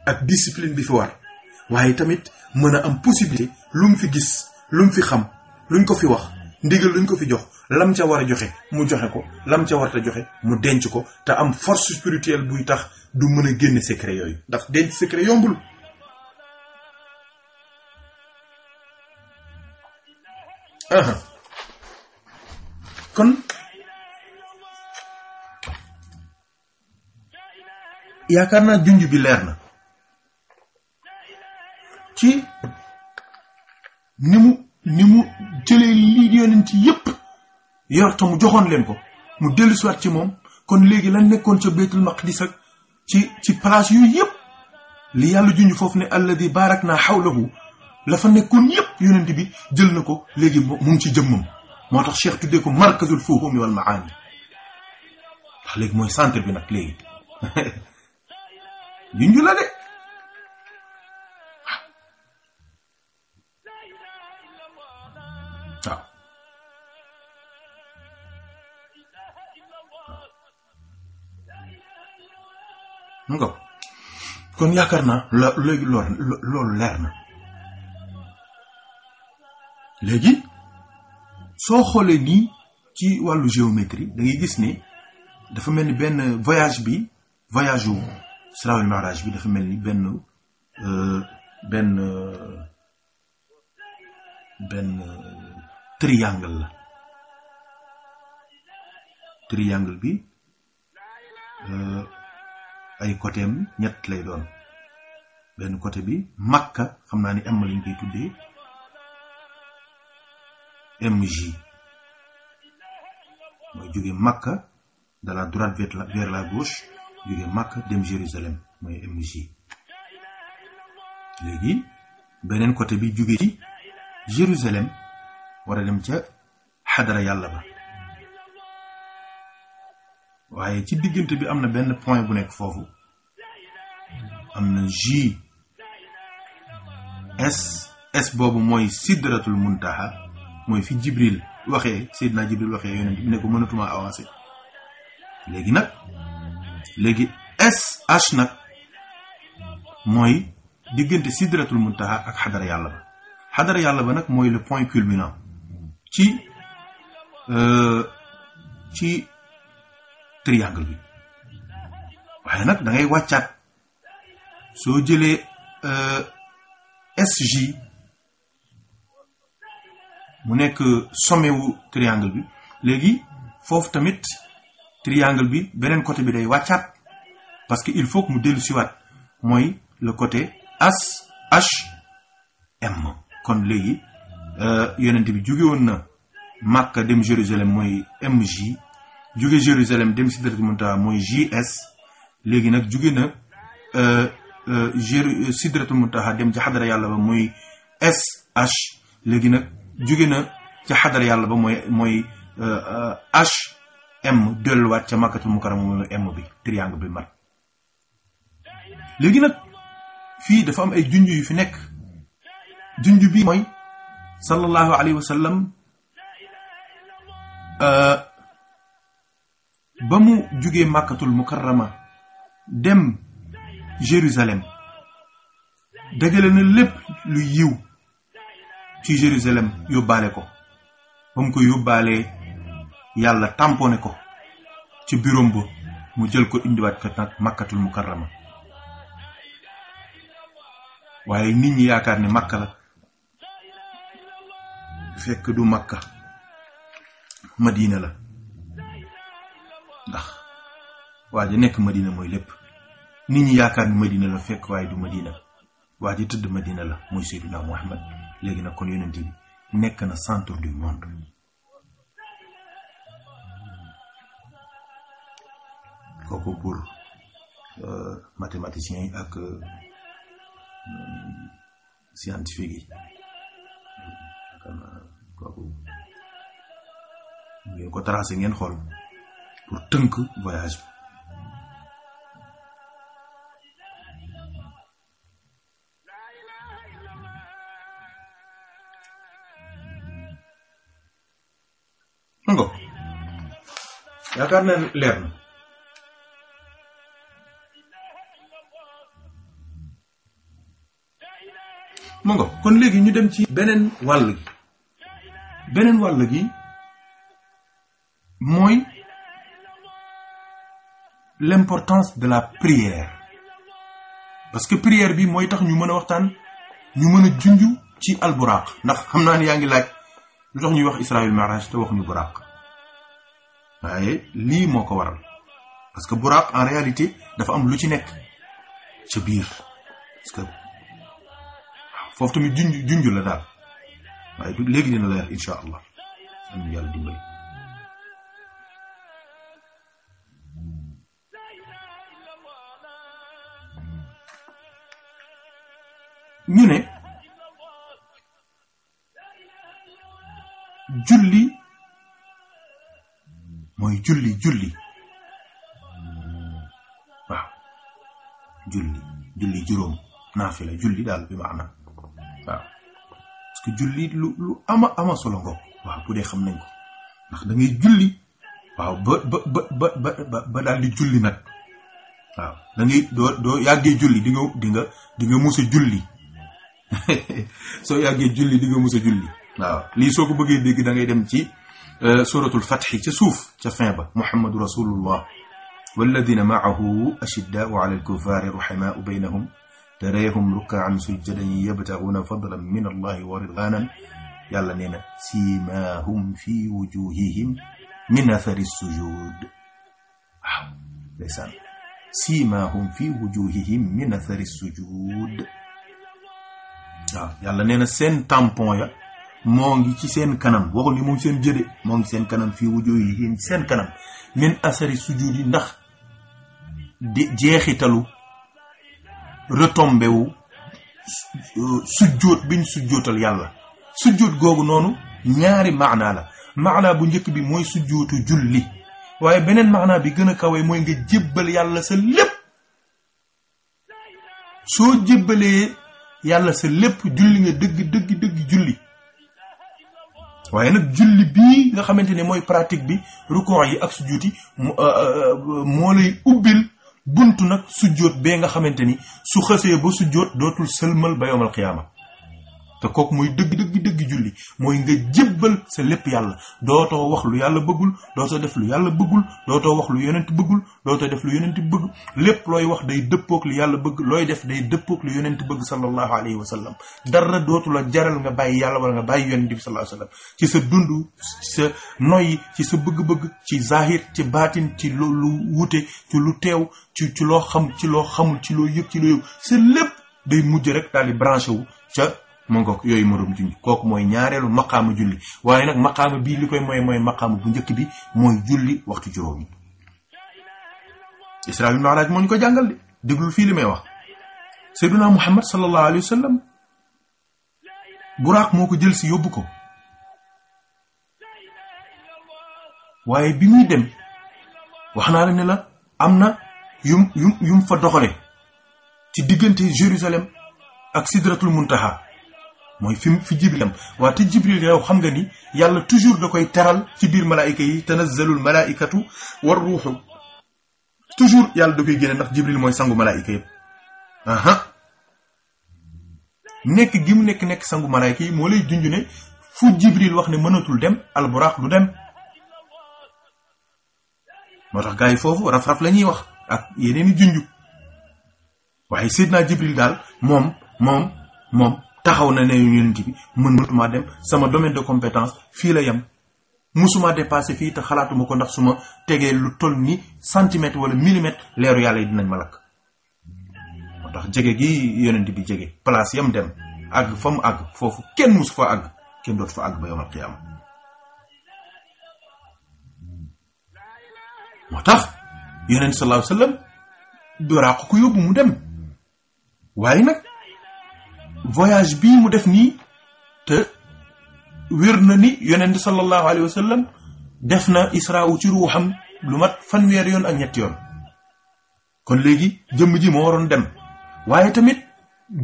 ak discipline bi fi war waaye tamit mën a am possibilité lu mu fi gis lu mu fi xam luñ ko fi wax ndigal luñ ko fi jox lam ca war a joxe mu joxe ko lam ca war a joxe mu denc ko te am force spirituelle buy tax du mën a génne secret yooyu ndax denc secret yombul kon yaakaar naa junj bi leer na ci ni mu ni mu jëlee lii yonent yëpp yor te mu joxoon leen ko mu dellu siwaat ci moom kon léegi lan nekkoon ca baytul maqdis ak ci ci place yu yëpp li yàlla juñu foofu ne alladi baarak naa xawlahu la fa nekkoon yépp yonent bi jël na ko léegi mu ngi ci jëmmam moo tax cheikh tuddee ko markazul fuhumi wal maani ndax léegi mooy centre bi nag léegi junju la de waaw mu nga kon yaakaar na la léegi loolu leer na léegi soo xoolee nii ci wàllu géométrie da ngay gis ni dafa mel ni benn voyage bi voyage wu Israa bi dafa mel ni benn euh, benn euh, benn euh, triangle la triangle bi euh, ay côté ñett lay doon benn côté bi Makka xam naa ni am lañ koy tuddee MJ mooy jóge Makka de la droite vers la vers la gauche jóge Makka dem Jérusalem mooy MJ léegi beneen côté bi jóge ci Jérusalem war a dem ca xadara yàlla ba waaye ci diggante bi am na benn point bu nekk foofu am na J S boobu mooy sidratul muntaha mooy fi Jibril waxee Seydina Jibril waxee yonent bi ne ko mënatuma avancé léegi nag léegi S H nag mooy diggante sidratul muntaha ak xadara yàlla ba xadara yàlla ba nag mooy le point culminant ci e, ci triangle bi waaye nag da ngay wàccaat soo jëlee e, SJ mu nekk sommet wu triangle bi léegi foofu tamit triangle bi beneen côté bi day wàccaat parce que il faut mu dellu siwaat mooy le côté as H M kon léegi Euh, yonent bi jóge woon na Makka dem Jérusalem mooy MJ jóge Jérusalem dem Sidratul Muntaha mooy JS léegi nag juge na euh, euh, Jéru Sidratul Muntaha dem ci xadara yàlla ba mooy SH nag jóge na ca xadara yàlla ba mooy mooy H M delluwaat ca Makkatul Mukarrama mooy M bi triangle bi mat léegi nag fii dafa am ay junj yu fi nekk junj bi mooy. sallallahu alayhi wa euh, ba mu jugee màkkatul mukarrama dem Jérusalem dajale na lépp lu yiw ci Jérusalem yóbbaale ko ba mu ko yóbbaalee yàlla tamponé ko ci biroom ba mu jël ko indiwaat ko nag màkkatul mukarrama waaye nit ñi yaakaar ne màkka la fekk du makka madina la ndax waa ji nekk madina mooy lépp nit ñi yaakaar ni madina la fekk waaye du madina waa ji tëdd madina la mooy Seydina Muhammad léegi nag kon yonent bi nekk na centre du monde kooku pour euh, mathématiciens yi ak euh, scientifique yi yaakaar naa kooku ngeen ko tracé ngeen xool pour tënk voyage bi yaakaar naa leer na ma kon léegi ñu dem ci beneen wàll gi beneen wàll gi mooy l'importance de la prière parce que prière bi mooy tax ñu mën a waxtaan ñu mën a junj ci alburaq ndax xam naa ni yaa ngi laaj lu tax ñuy wax Israël Miraj te waxuñu buraq waaye lii moo ko waral parce que buraq en réalité dafa am lu ci nekk ca biir parce que foofu tamit junj junj la daal waaye du léegi dina allah am yàlla dimbali ñu julli mooy julli julli julli juróom naafila julli daal bi maanaam waaw parce que julli lu lu ama ama solo ngoog waaw bu dee xam nañ ko ndax da ngay julli waaw ba ba ba ba ba daal di julli nag waaw da ngay doo doo yàggee julli di nga di nga di nga mus a julli soo yàggee julli di nga mus a julli waaw lii soo ko bëggee dégg da ngay dem ci euh, suratul fatxi ca suuf ca fin ba muhammadu rasulullah walladina maahu ashiddaau ala alkufaari ruhamaau baynahum taraahum rukkaan sujjadan yabtaxuuna fadlan min allahi wa ridwanan yàlla nee na siimaahum fi wujuhihim min athari sujud waaw ndeysaan siimaahum fi wujuhihim min athari sujud waaw yàlla nee na seen tampon ya moo ci seen kanam waxul ni seen jëde moo seen kanam fii wujuhihim seen min athari sujud ndax di jeexitalu retombé wu sujjóot biñ sujjóotal yàlla sujjóot googu noonu ñaari maanaa la maanaa bu njëkk bi mooy sujjóotu julli waaye beneen maanaa bi gën a kawee mooy nga jébbal yàlla sa lépp soo jébbalee yàlla sa lépp julli nga dëgg dëgg dëgg julli waaye nag julli bii nga xamante ne mooy pratique bi rukon yi ak sujjóot euh, euh, moo lay ubbil bunt nag sujjóot bee nga xamante ni su xësee ba sujjóot dootul sëlmal ba yowmal xiyaama te kooku mooy dëgg dëgg dëgg julli mooy nga jébbal sa lépp yàlla dootoo wax lu yàlla bëggul dootoo def lu yàlla bëggul dootoo wax lu yonent bëggul dootoo def lu yonent bëgg lépp looy wax day dëppook li yàlla bëgg looy def day dëppook li yonent bëgg sallallahu alayhi wa sallam dara dootu la jaral nga bàyyi yàlla wala nga bàyyi yonent bi sa alayhi wa ci sa dund sa noyyi ci sa bëgg-bëgg ci zahir ci baatin ci lu lu wute ci lu teew ci loo xam ci loo xamul ci loo yëg ci loo yëg sa mujj rek daal di branché moo ngoog yooyu ma doon junj mooy ñaareelu maqaama julli waaye nag maqaama bii li koy mooy mooy maqaama bu njëkk bi mooy julli waxtu juróomi isra bi maaraaj moo ñu ko jàngal de déglul fii li may wax seyduna muhammad sallallahu alayhi wa sallam moo ko jël si yóbbu ko waaye bi muy dem wax naa la ne la am na yum yum yum fa doxale ci diggante Jérusalem ak sidratul muntaha mooy fi fi jibrilam waaw te jibril yow xam nga ni yàlla toujours da koy teral ci biir malaayika yi tanazzalul malaayikatu war ruuxu toujours yàlla da koy génne ndax jibril mooy sangu malaayika yëpp nekk gi mu nekk nekk sangu malaayika yi moo lay junj ne fu jibril wax ne mënatul dem alburaax du dem moo tax gars yi foofu raf-raf la ñuy wax ak yeneen i junj waaye Seydina Jibril daal moom moom moom taxaw na ne yonent bi mën mënatuma dem sama domaine de compétence fii la yem musuma dépassé fii te xalaatuma ko ndax su ma tegee lu toll ni centimètre wala millimètre leeru yàlla yi dinañ ma lakk moo tax jege gi yonent bi jege place yam dem àgg fa mu àgg foofu kenn musu fa àgg kenn dootu fa àgg ba yomal xiyaama moo tax yonent sallallahu alayhi wasallam doraaq ko yóbbu mu dem waaye nag voyage bi mu def nii te wér na ni yonent sallallahu alayhi wa sallam def na isra wu ci ruuxam lu mat fanweer yoon ak ñetti yoon kon léegi jëmm ji moo waroon dem waaye tamit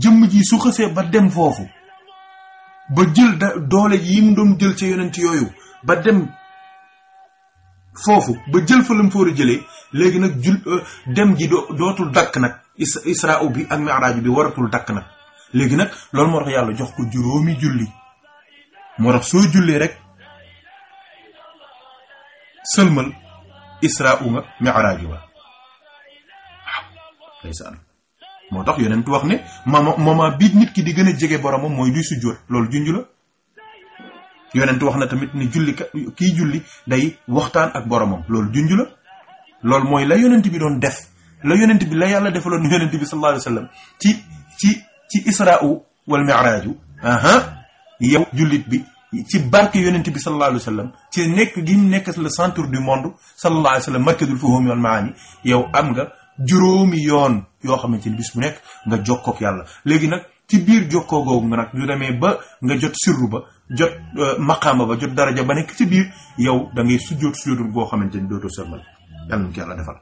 jëmm ji su xësee ba dem foofu ba jël da doole yi mu doon jël ca yonent yooyu ba dem foofu ba jël fa lam a jëlee léegi nag euh, dem ji dootul dakk nag isra bi ak miraaj bi waratul dakk nag léegi nag loolu moo tax yàlla jox ko juróomi julli moo tax soo jullee rek sëlmal isra u nga miraaj nga waaw ndeysaan moo tax yonent wax ne ma moment bii nit ki di gën a jege boromam mooy duy sujjóot loolu junj la yonent wax na tamit ni julli kii julli day waxtaan ak boromam loolu junj la loolu mooy la yonent bi doon def la yonent bi la yàlla defaloon yonent bi sallallahu alayhi ci ci ci israa wal miraaju yow jullit bi ci barke yonent bi sallallahu alayhi wa sallam ci nekk gi mu nekk le centre du monde sallallahu alayhi wa sallam markazul fuhumi wal maani yow am nga juróomi yoon yoo xamante ni bis bu nekk nga kook yàlla léegi nag ci biir jokkoo googu nga nag ñu demee ba nga jot sirru ba jot euh, maqaama ba jot daraja ba nekk ci biir yow da ngay sujjoot sujjootul boo xamante ni dootoo sërmal yàlla na defal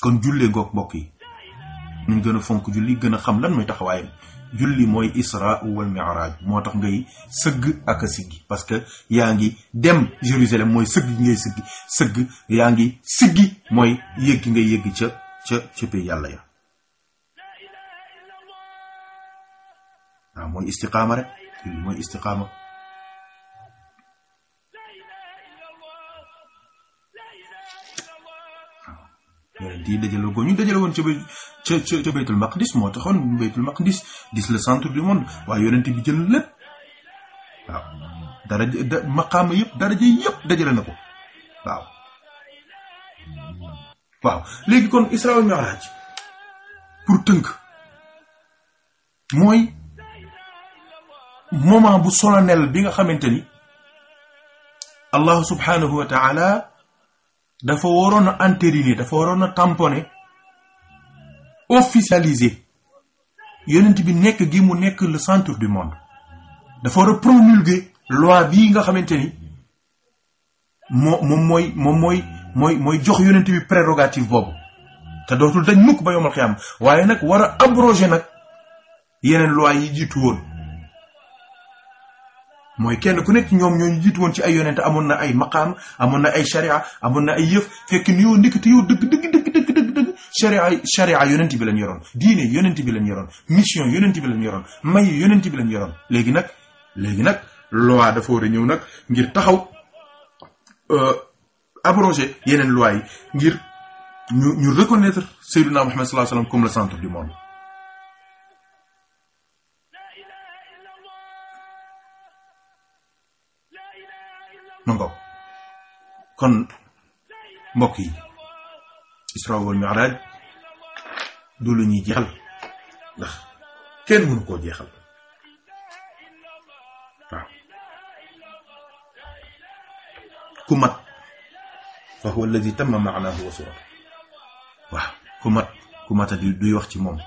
kon jullee ngoog mbokk yi ñu gën a fonk julli gën a xam lan mooy taxawaayam julli mooy isra wal mi'raj moo tax ngay sëgg ak a siggi parce que yaa ngi dem Jérusalem mooy sëgg gi ngay siggi sëgg yaa ngi siggi mooy yëg gi ngay yëg ca ca ca yàlla ya waaw ah, mooy Euh, di dajale ko ñu dajale woon ca ca ca baytul maqdis moo taxoon baytul maqdis gis le centre du monde waaye yonent bi jël lépp waaw dara da maqaama yëpp daraja yëpp dajale na ko waaw waaw léegi tënk mooy moment bu solennel bi nga xamante ni allah subhanahu wa dafa waroon a entériner dafa waroon a tamponner officialiser yonent bi nekk gi mu nekk le centre du monde dafa war a promulguer loi bii nga xamante ni moo moom mooy moom mooy mooy mooy jox yonent bi prérogative boobu te dootul dañ mukk ba yomal xiyaam waaye nag war a abroger nag yeneen loi yi jiitu woon mooy kenn ku nekk ci ñoom ñooñu jiitu woon ci ay yonent amoon na ay maqaam amoon na ay sharia amoon na ay yëf fekk ni yow ndikk te yow dëgg dëgg dëgg dëgg dëgg dëgg sharia sharia yonent bi lañ yoroon diine yonent bi lañ yoroon mission yonent bi lañ yoroon may yonent bi lañ yoroon léegi nag léegi nag loi dafa war a ñëw nag ngir taxaw euh, abroger yeneen loi yi ngir ñu ñu reconnaître Seydina Muhammad sallallahu alayhi wa sallam comme le centre du monde ma kon mbokk yi isra wal miraaj du lu ñuy jeexal ndax kenn mënu koo jeexal waaw ku mat fa huwa alladi tamma maanaahu wa suratu waaw ku mat ku duy wax ci moom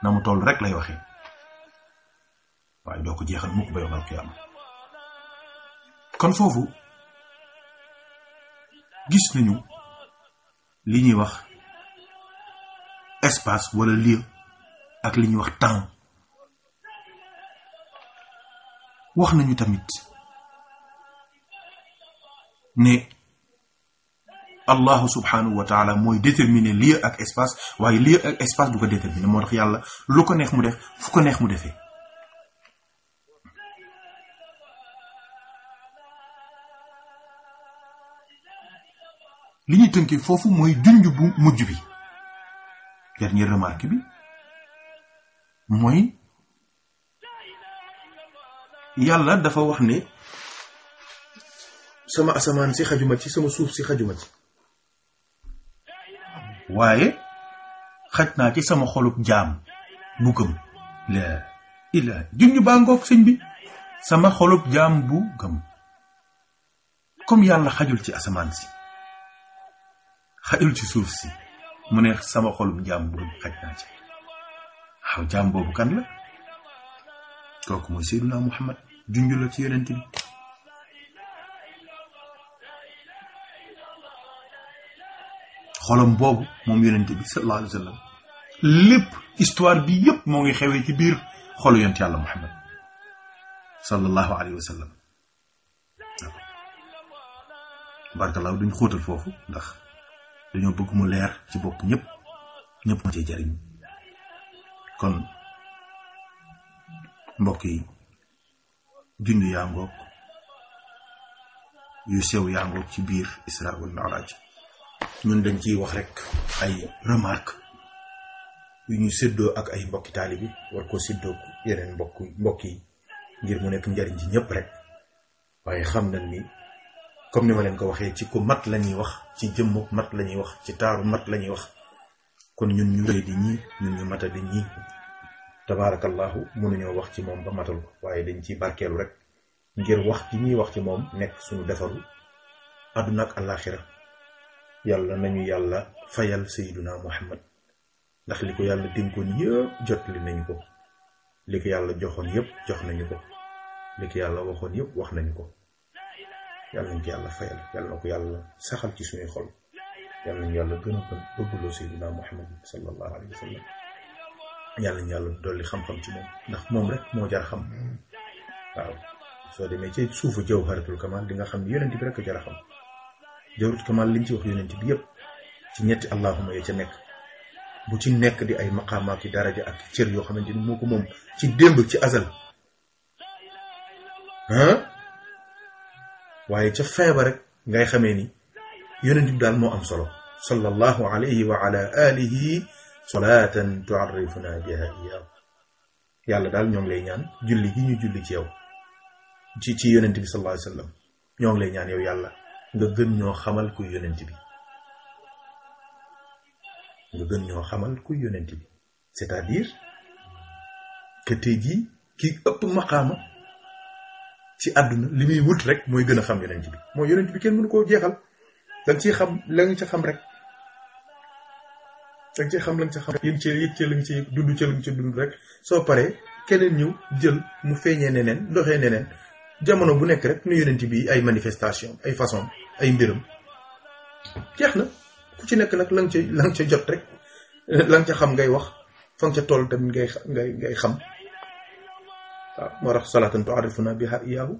na mu toll rek lay waxee waaye doo ko jeexal mukk ba yomal qiyaama kon foofu gis nañu li ñuy wax espace walla lieu ak li ñuy wax temps wax nañu tamit ne allahu subhanahu wa taala mooy déterminer lieu ak espace waaye lieu ak espace du ko déterminer moo tax yàlla lu ko neex mu def fu ko neex mu defee li ñu tënkee foofu mooy junj bu mujj bi dernière remarque bi mooy yàlla dafa wax ne sama asamaan si xajuma ci sama suuf si xajuma ci waaye xaj naa ci sama xolub jaam bu gëm la ila junj baa ngoog sëñ bi sama xolub jaam bu gëm comme yàlla xajul ci asamaan si xajul ci suuf si mu ne sama xolum jaam boobu xaj naa ci waaw jaam boobu kan la kooku mooy Seydunaa Muhammad junju la ci yonent bi xolam boobu moom yonent bi sallallahu alayhi lépp histoire bi yépp moo ngi xewee ci biir xolu yonent yàlla Muhammad sallallahu alayhi wa sallam barkalaaw duñ xóotal foofu ndax dañoo bëgg mu leer ci bopp ñëpp ñëpp ma ci jariñ kon mbokk yi junj yaa yu sew yaa ci biir isra wal mi'raj dañ ciy wax rek ay remarque yu ñu séddoo ak ay mbokki taalibi war ko séddoo yeneen mbokk mbokk yi ngir mu nekk njariñ ci ñëpp rek waaye xam nañ ni comme ni ma leen ko waxee ci ku mat la ñuy wax ci jëmmu mat la ñuy wax ci taaru mat la ñuy wax kon ñun ñu rëy di ñii ñun ñu mata di ñii tabaarakallaahu mënuñoo wax ci moom ba matal waaye dañ ci barkeelu rek ngir wax gi ñuy wax ci moom nekk suñu defaru àdduna ak àllaaxira yàlla nañu yàlla fayal sayyiduna muhammad ndax li ko yàlla dénkoon yëpp jot li nañu ko li ko yàlla joxoon yëpp jox nañu ko li ko yàlla waxoon yëpp wax nañu ko yal nañ yàlla fayal yal na ko yàlla saxal ci suñuy xol yal nañ yàlla gën a bëggloo sayyidina Muhammad sallallahu alayhi wa sallam yal nañ yàlla dolli xam-xam ci moom ndax moom rek moo jar xam waaw soo demee ci suufu Jawharatul Kamal di nga xam ne yonent bi rek a jar a xam Jawharatul Kamal liñ ci wax yonent bi yépp ci ñetti allahuma ya ca nekk bu ci nekk di ay maqaamaat yi daraja ak cër yoo xamante ni moo ko moom ci démb ci azal waaye ca feebar rek ngay xamee ni yonent bi daal moo am solo sallallahu alayhi wa ala alihi salaatan tuarrifuna biha iyaw yàlla daal ñoo ngi lay ñaan julli gi ñu julli ci yow ci ci yonent bi sallallahu alayhi wa sallam ñoo ngi lay ñaan yow yàlla nga gën ñoo xamal kuy yonent bi nga gën ñoo xamal kuy yonent bi c'est-à-dire que tey jii ki ëpp maqaama ci àdduna li muy wut rek mooy gën a xam yonent bi mooy yonent bi kenn mënu koo jeexal da ciy xam la nga ci xam rek da nga xam la nga ci xam rek yéen ci yëg ci la nga yëg dund ci la nga ci rek soo paree keneen ñëw jël mu feeñee neneen doxee neneen jamono bu nekk rek nu yonent bi ay manifestation ay façon ay mbiram jeex na ku ci nekk nag lañ nga ca la nga ca jot rek lañ ca xam ngay wax fa ca tool tamit ngay ngay xam waaw moo tax salaatan tu'arrifuna biha iyyahu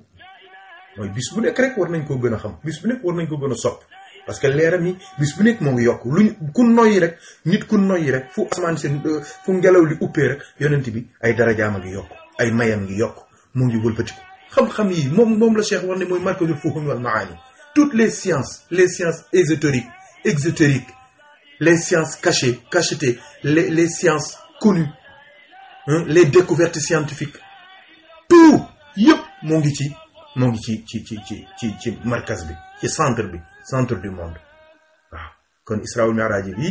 mooy bis bu nekk rek war nañ koo gën a xam bis bu nekk war nañ koo gën a sopp parce que leeram yi bis bu nekk moo ngi yokk luñ ku noyyi rek nit ku noyyi rek fu asamaan seen euh, fu ngelaw li uppee rek yonent bi ay darajaam a ngi yokk ay mayam ngi yokk mu ngi wëlbatiku xam-xam yi moom moom la Cheikh war ne mooy markazul fuhum wal maani toutes les sciences les sciences ésotériques exotériques les sciences cachées cachetées les les sciences connues hein, les découvertes scientifiques tout yëpp moo ngi ci moo ngi ci ci ci ci ci ci markaz bi ci centre bi centre du monde waaw kon Isra wal Mi'raj bi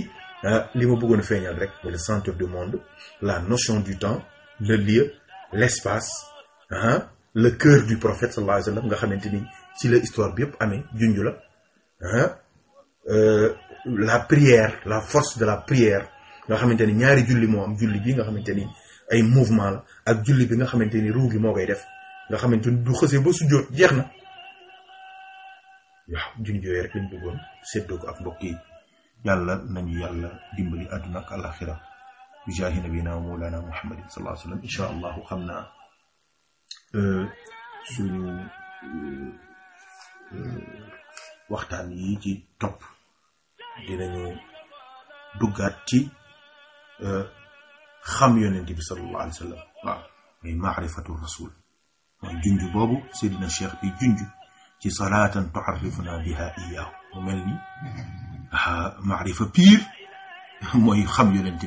ah, li ma bëggoon feeñal rek mooy le centre du monde la notion du temps le lieu l'espace ah le cœur du prophète sallallahu alayhi nga xamante ni ci la histoire bi yëpp amee junj la ah euh, la prière la force de la prière nga xamante ni ñaari julli moo am julli bi nga xamante ni ay mouvement la ak julli bi nga xamante ni ruu moo koy def nga xamante ni du xësee ba sujjóot jeex na waaw junj yooyu rek lañ bëggoon séddoo ko ak mbokk yi yàlla nañu yàlla dimbali àdduna ak alaxira bi jaahi nabina muhammadin sallallahu alayhi allahu xam naa euh, suñu euh, waxtaan yi ci topp dinañu duggaat ci euh, xam yonent bi sallallahu alayhi wa maarifatu rasul junj boobu seydina cheikh bi junj ci salaata tuharrifuna biha iyaahu mu mel ni maarifa piir mooy xam yonent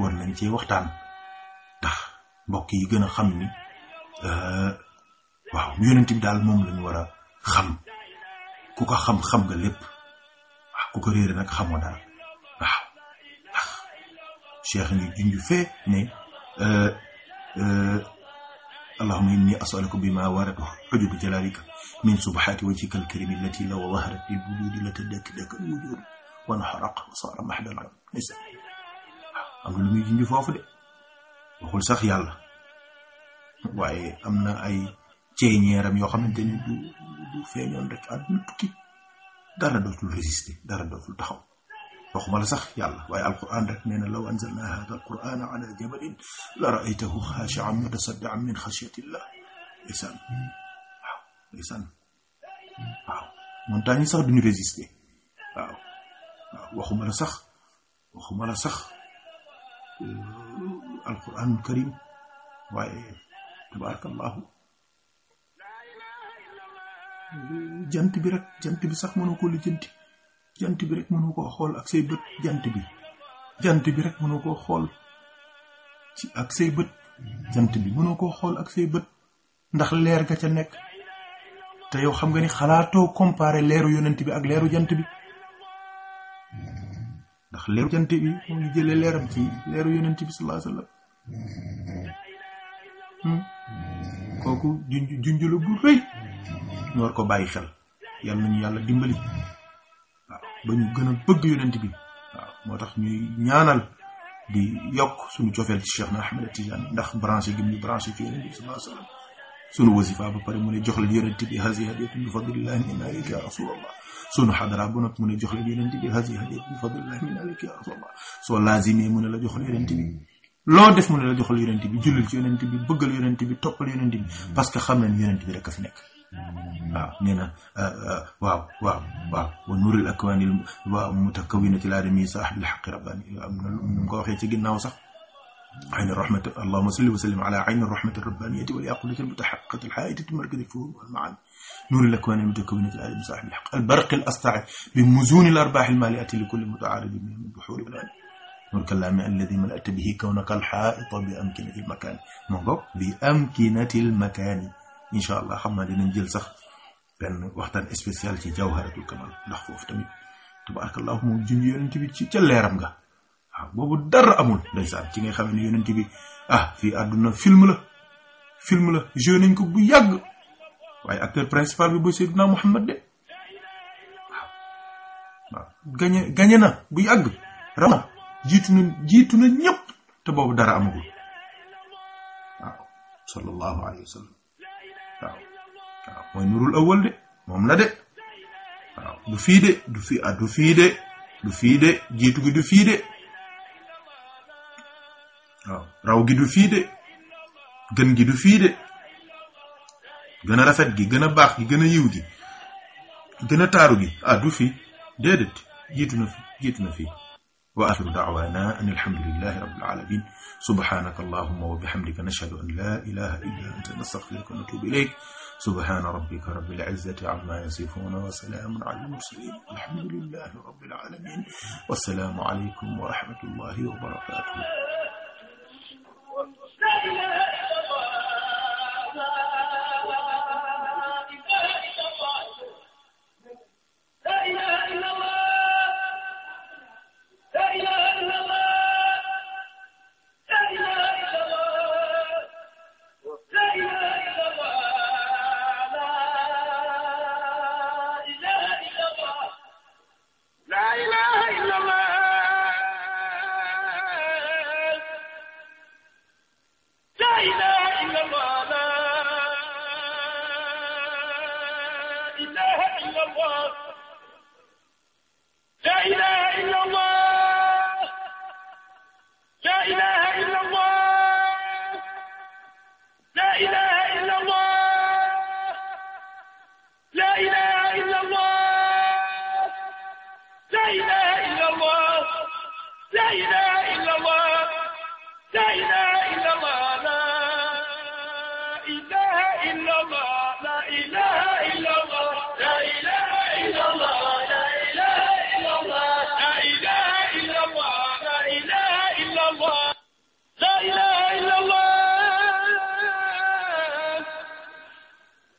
war nañ cee waxtaan mbokk yi gën a xam ni euh, waaw yonent bi daal moom lañu war a xam ku ko xam xam nga lépp ku ko réere nag xamoo dara cheikh ngi junj fee ne euh, euh, allahuma inni asaluka bima waratu xujubu jalalika min subhaati wajhika alkarimi allati law daharat lil wujudi la tadakdaka al wujud wa nahraq wa sara mahdal gam nisa am na lu muy junj foofu de waxul sax yàlla waaye am na ay ceeñeeram yoo xamante ni du du feeñoon rek àdduna tukki dara dootul résister dara dootul taxaw waxuma la sax yàlla waaye alquran rek nee na law anzalna hada alqurana ala jabalin la raaytahu xaashian mutasaddian min xashiyatillah ndeysaan waaw ndeysaan waaw montagne yi sax duñu résister waaw waaw waxuma la sax waxuma la sax euh, alquranul karim waaye tabarakallahu jant bi rek jant bi sax mënu ko lijjanti jant bi rek mënu koo xool ak say bët jant bi jant bi rek koo xool ci ak say bët jant bi mënu koo xool ak say bët ndax leer ga ca nekk te yow xam nga ni xalaatoo compare leeru yonent bi ak leeru jant bi ndax leeru jant bi mu ngi jëlee leeram ci leeru yonent bi sallallahu alayhi wasallam hmm? kooku junj junj la bu rëy ñu war ko bàyyi xel yal nañu yàlla dimbali. ba ñu gën a bëgg yonent bi waaw moo tax ñuy ñaanal di yokk suñu cofeel ci Cheikh na Ahmed Tidiane ndax branché gi mu branché ci yonent bi sallallahu alayhi wasifa ba pare mu ne jox leen yonent bi hasi hadiyatun bi fadlillahi min alayka ya rasulallah sunu xadara jox leen yonent bi hasi hadiyatun bi fadlillahi min alayka ya rasulallah soo laazimee mu ne la jox yonent bi loo def mu ne la joxal yonent bi jullil ci yonent bi bëggal yonent bi toppal yonent bi parce que xam nañ yonent bi rek a fi nekk waaw ah, nee na ah, ah, waaw waaw waaw wa nuuril akwaanil waaw mutakawinati l aadami saaxibil xaqi rabbaani am na lu mu ko waxee ci ginnaaw sax ayni rahmati allahuma salli wa sallim ala ayni rahmati rabbaniyati wal yaqulati almutaxaqati alxaayati markadi fuhum walmaani nuuril akwaanil mutakawinati l aadami saaxibil xaq albarqi al astaaci bi muzuuni l arbaaxi lmaaliati li kulli mutaaridi min albuxuuri wal nur kalaami alladi malata bihi kawnaka alxaaita bi amkinati lmakaani moo ngoog bi amkinati lmakaani incha allah xam naa dinañ jël sax benn waxtaan spécial ci jawharatul kamal ndax foofu tamit tabarakallahu moom junj yonent bi ci ca leeram nga waaw boobu dara amul ndeysaan ci nga xam ne yonent bi ah fii àdduna film la film la joué ko bu yàgg waaye acteur principal bi ba Seydina Muhammad de gañe gañe na bu yàgg raw na jiitu na jiitu na ñëpp te boobu dara amagul waaw sallallahu alayhi waaw mooy nurul de moom la de waaw du fii de du fi ah du fii de fii de jiitu gi fii raw gi du fii de gën gi du fii de gën a rafet gi gën a baax gi gën a yiw gi gën a taaru gi ah, du fi déedéet jiitu na fi jiitu na fi wa axiru daawaana an alhamdulilahi rabbil alamin subhanaka allahuma wa bihamdika nashhadu an la ilaha illa anta nastaghfiruka wa natubu ilayk subhaana rabbika rabbil izzati ammaa yasifuuna wa salaamun alal mursaliin walhamdu lillaahi rabbil aalamiin wassalaamu aleykum wa rahmatullaahi wa barakaatuh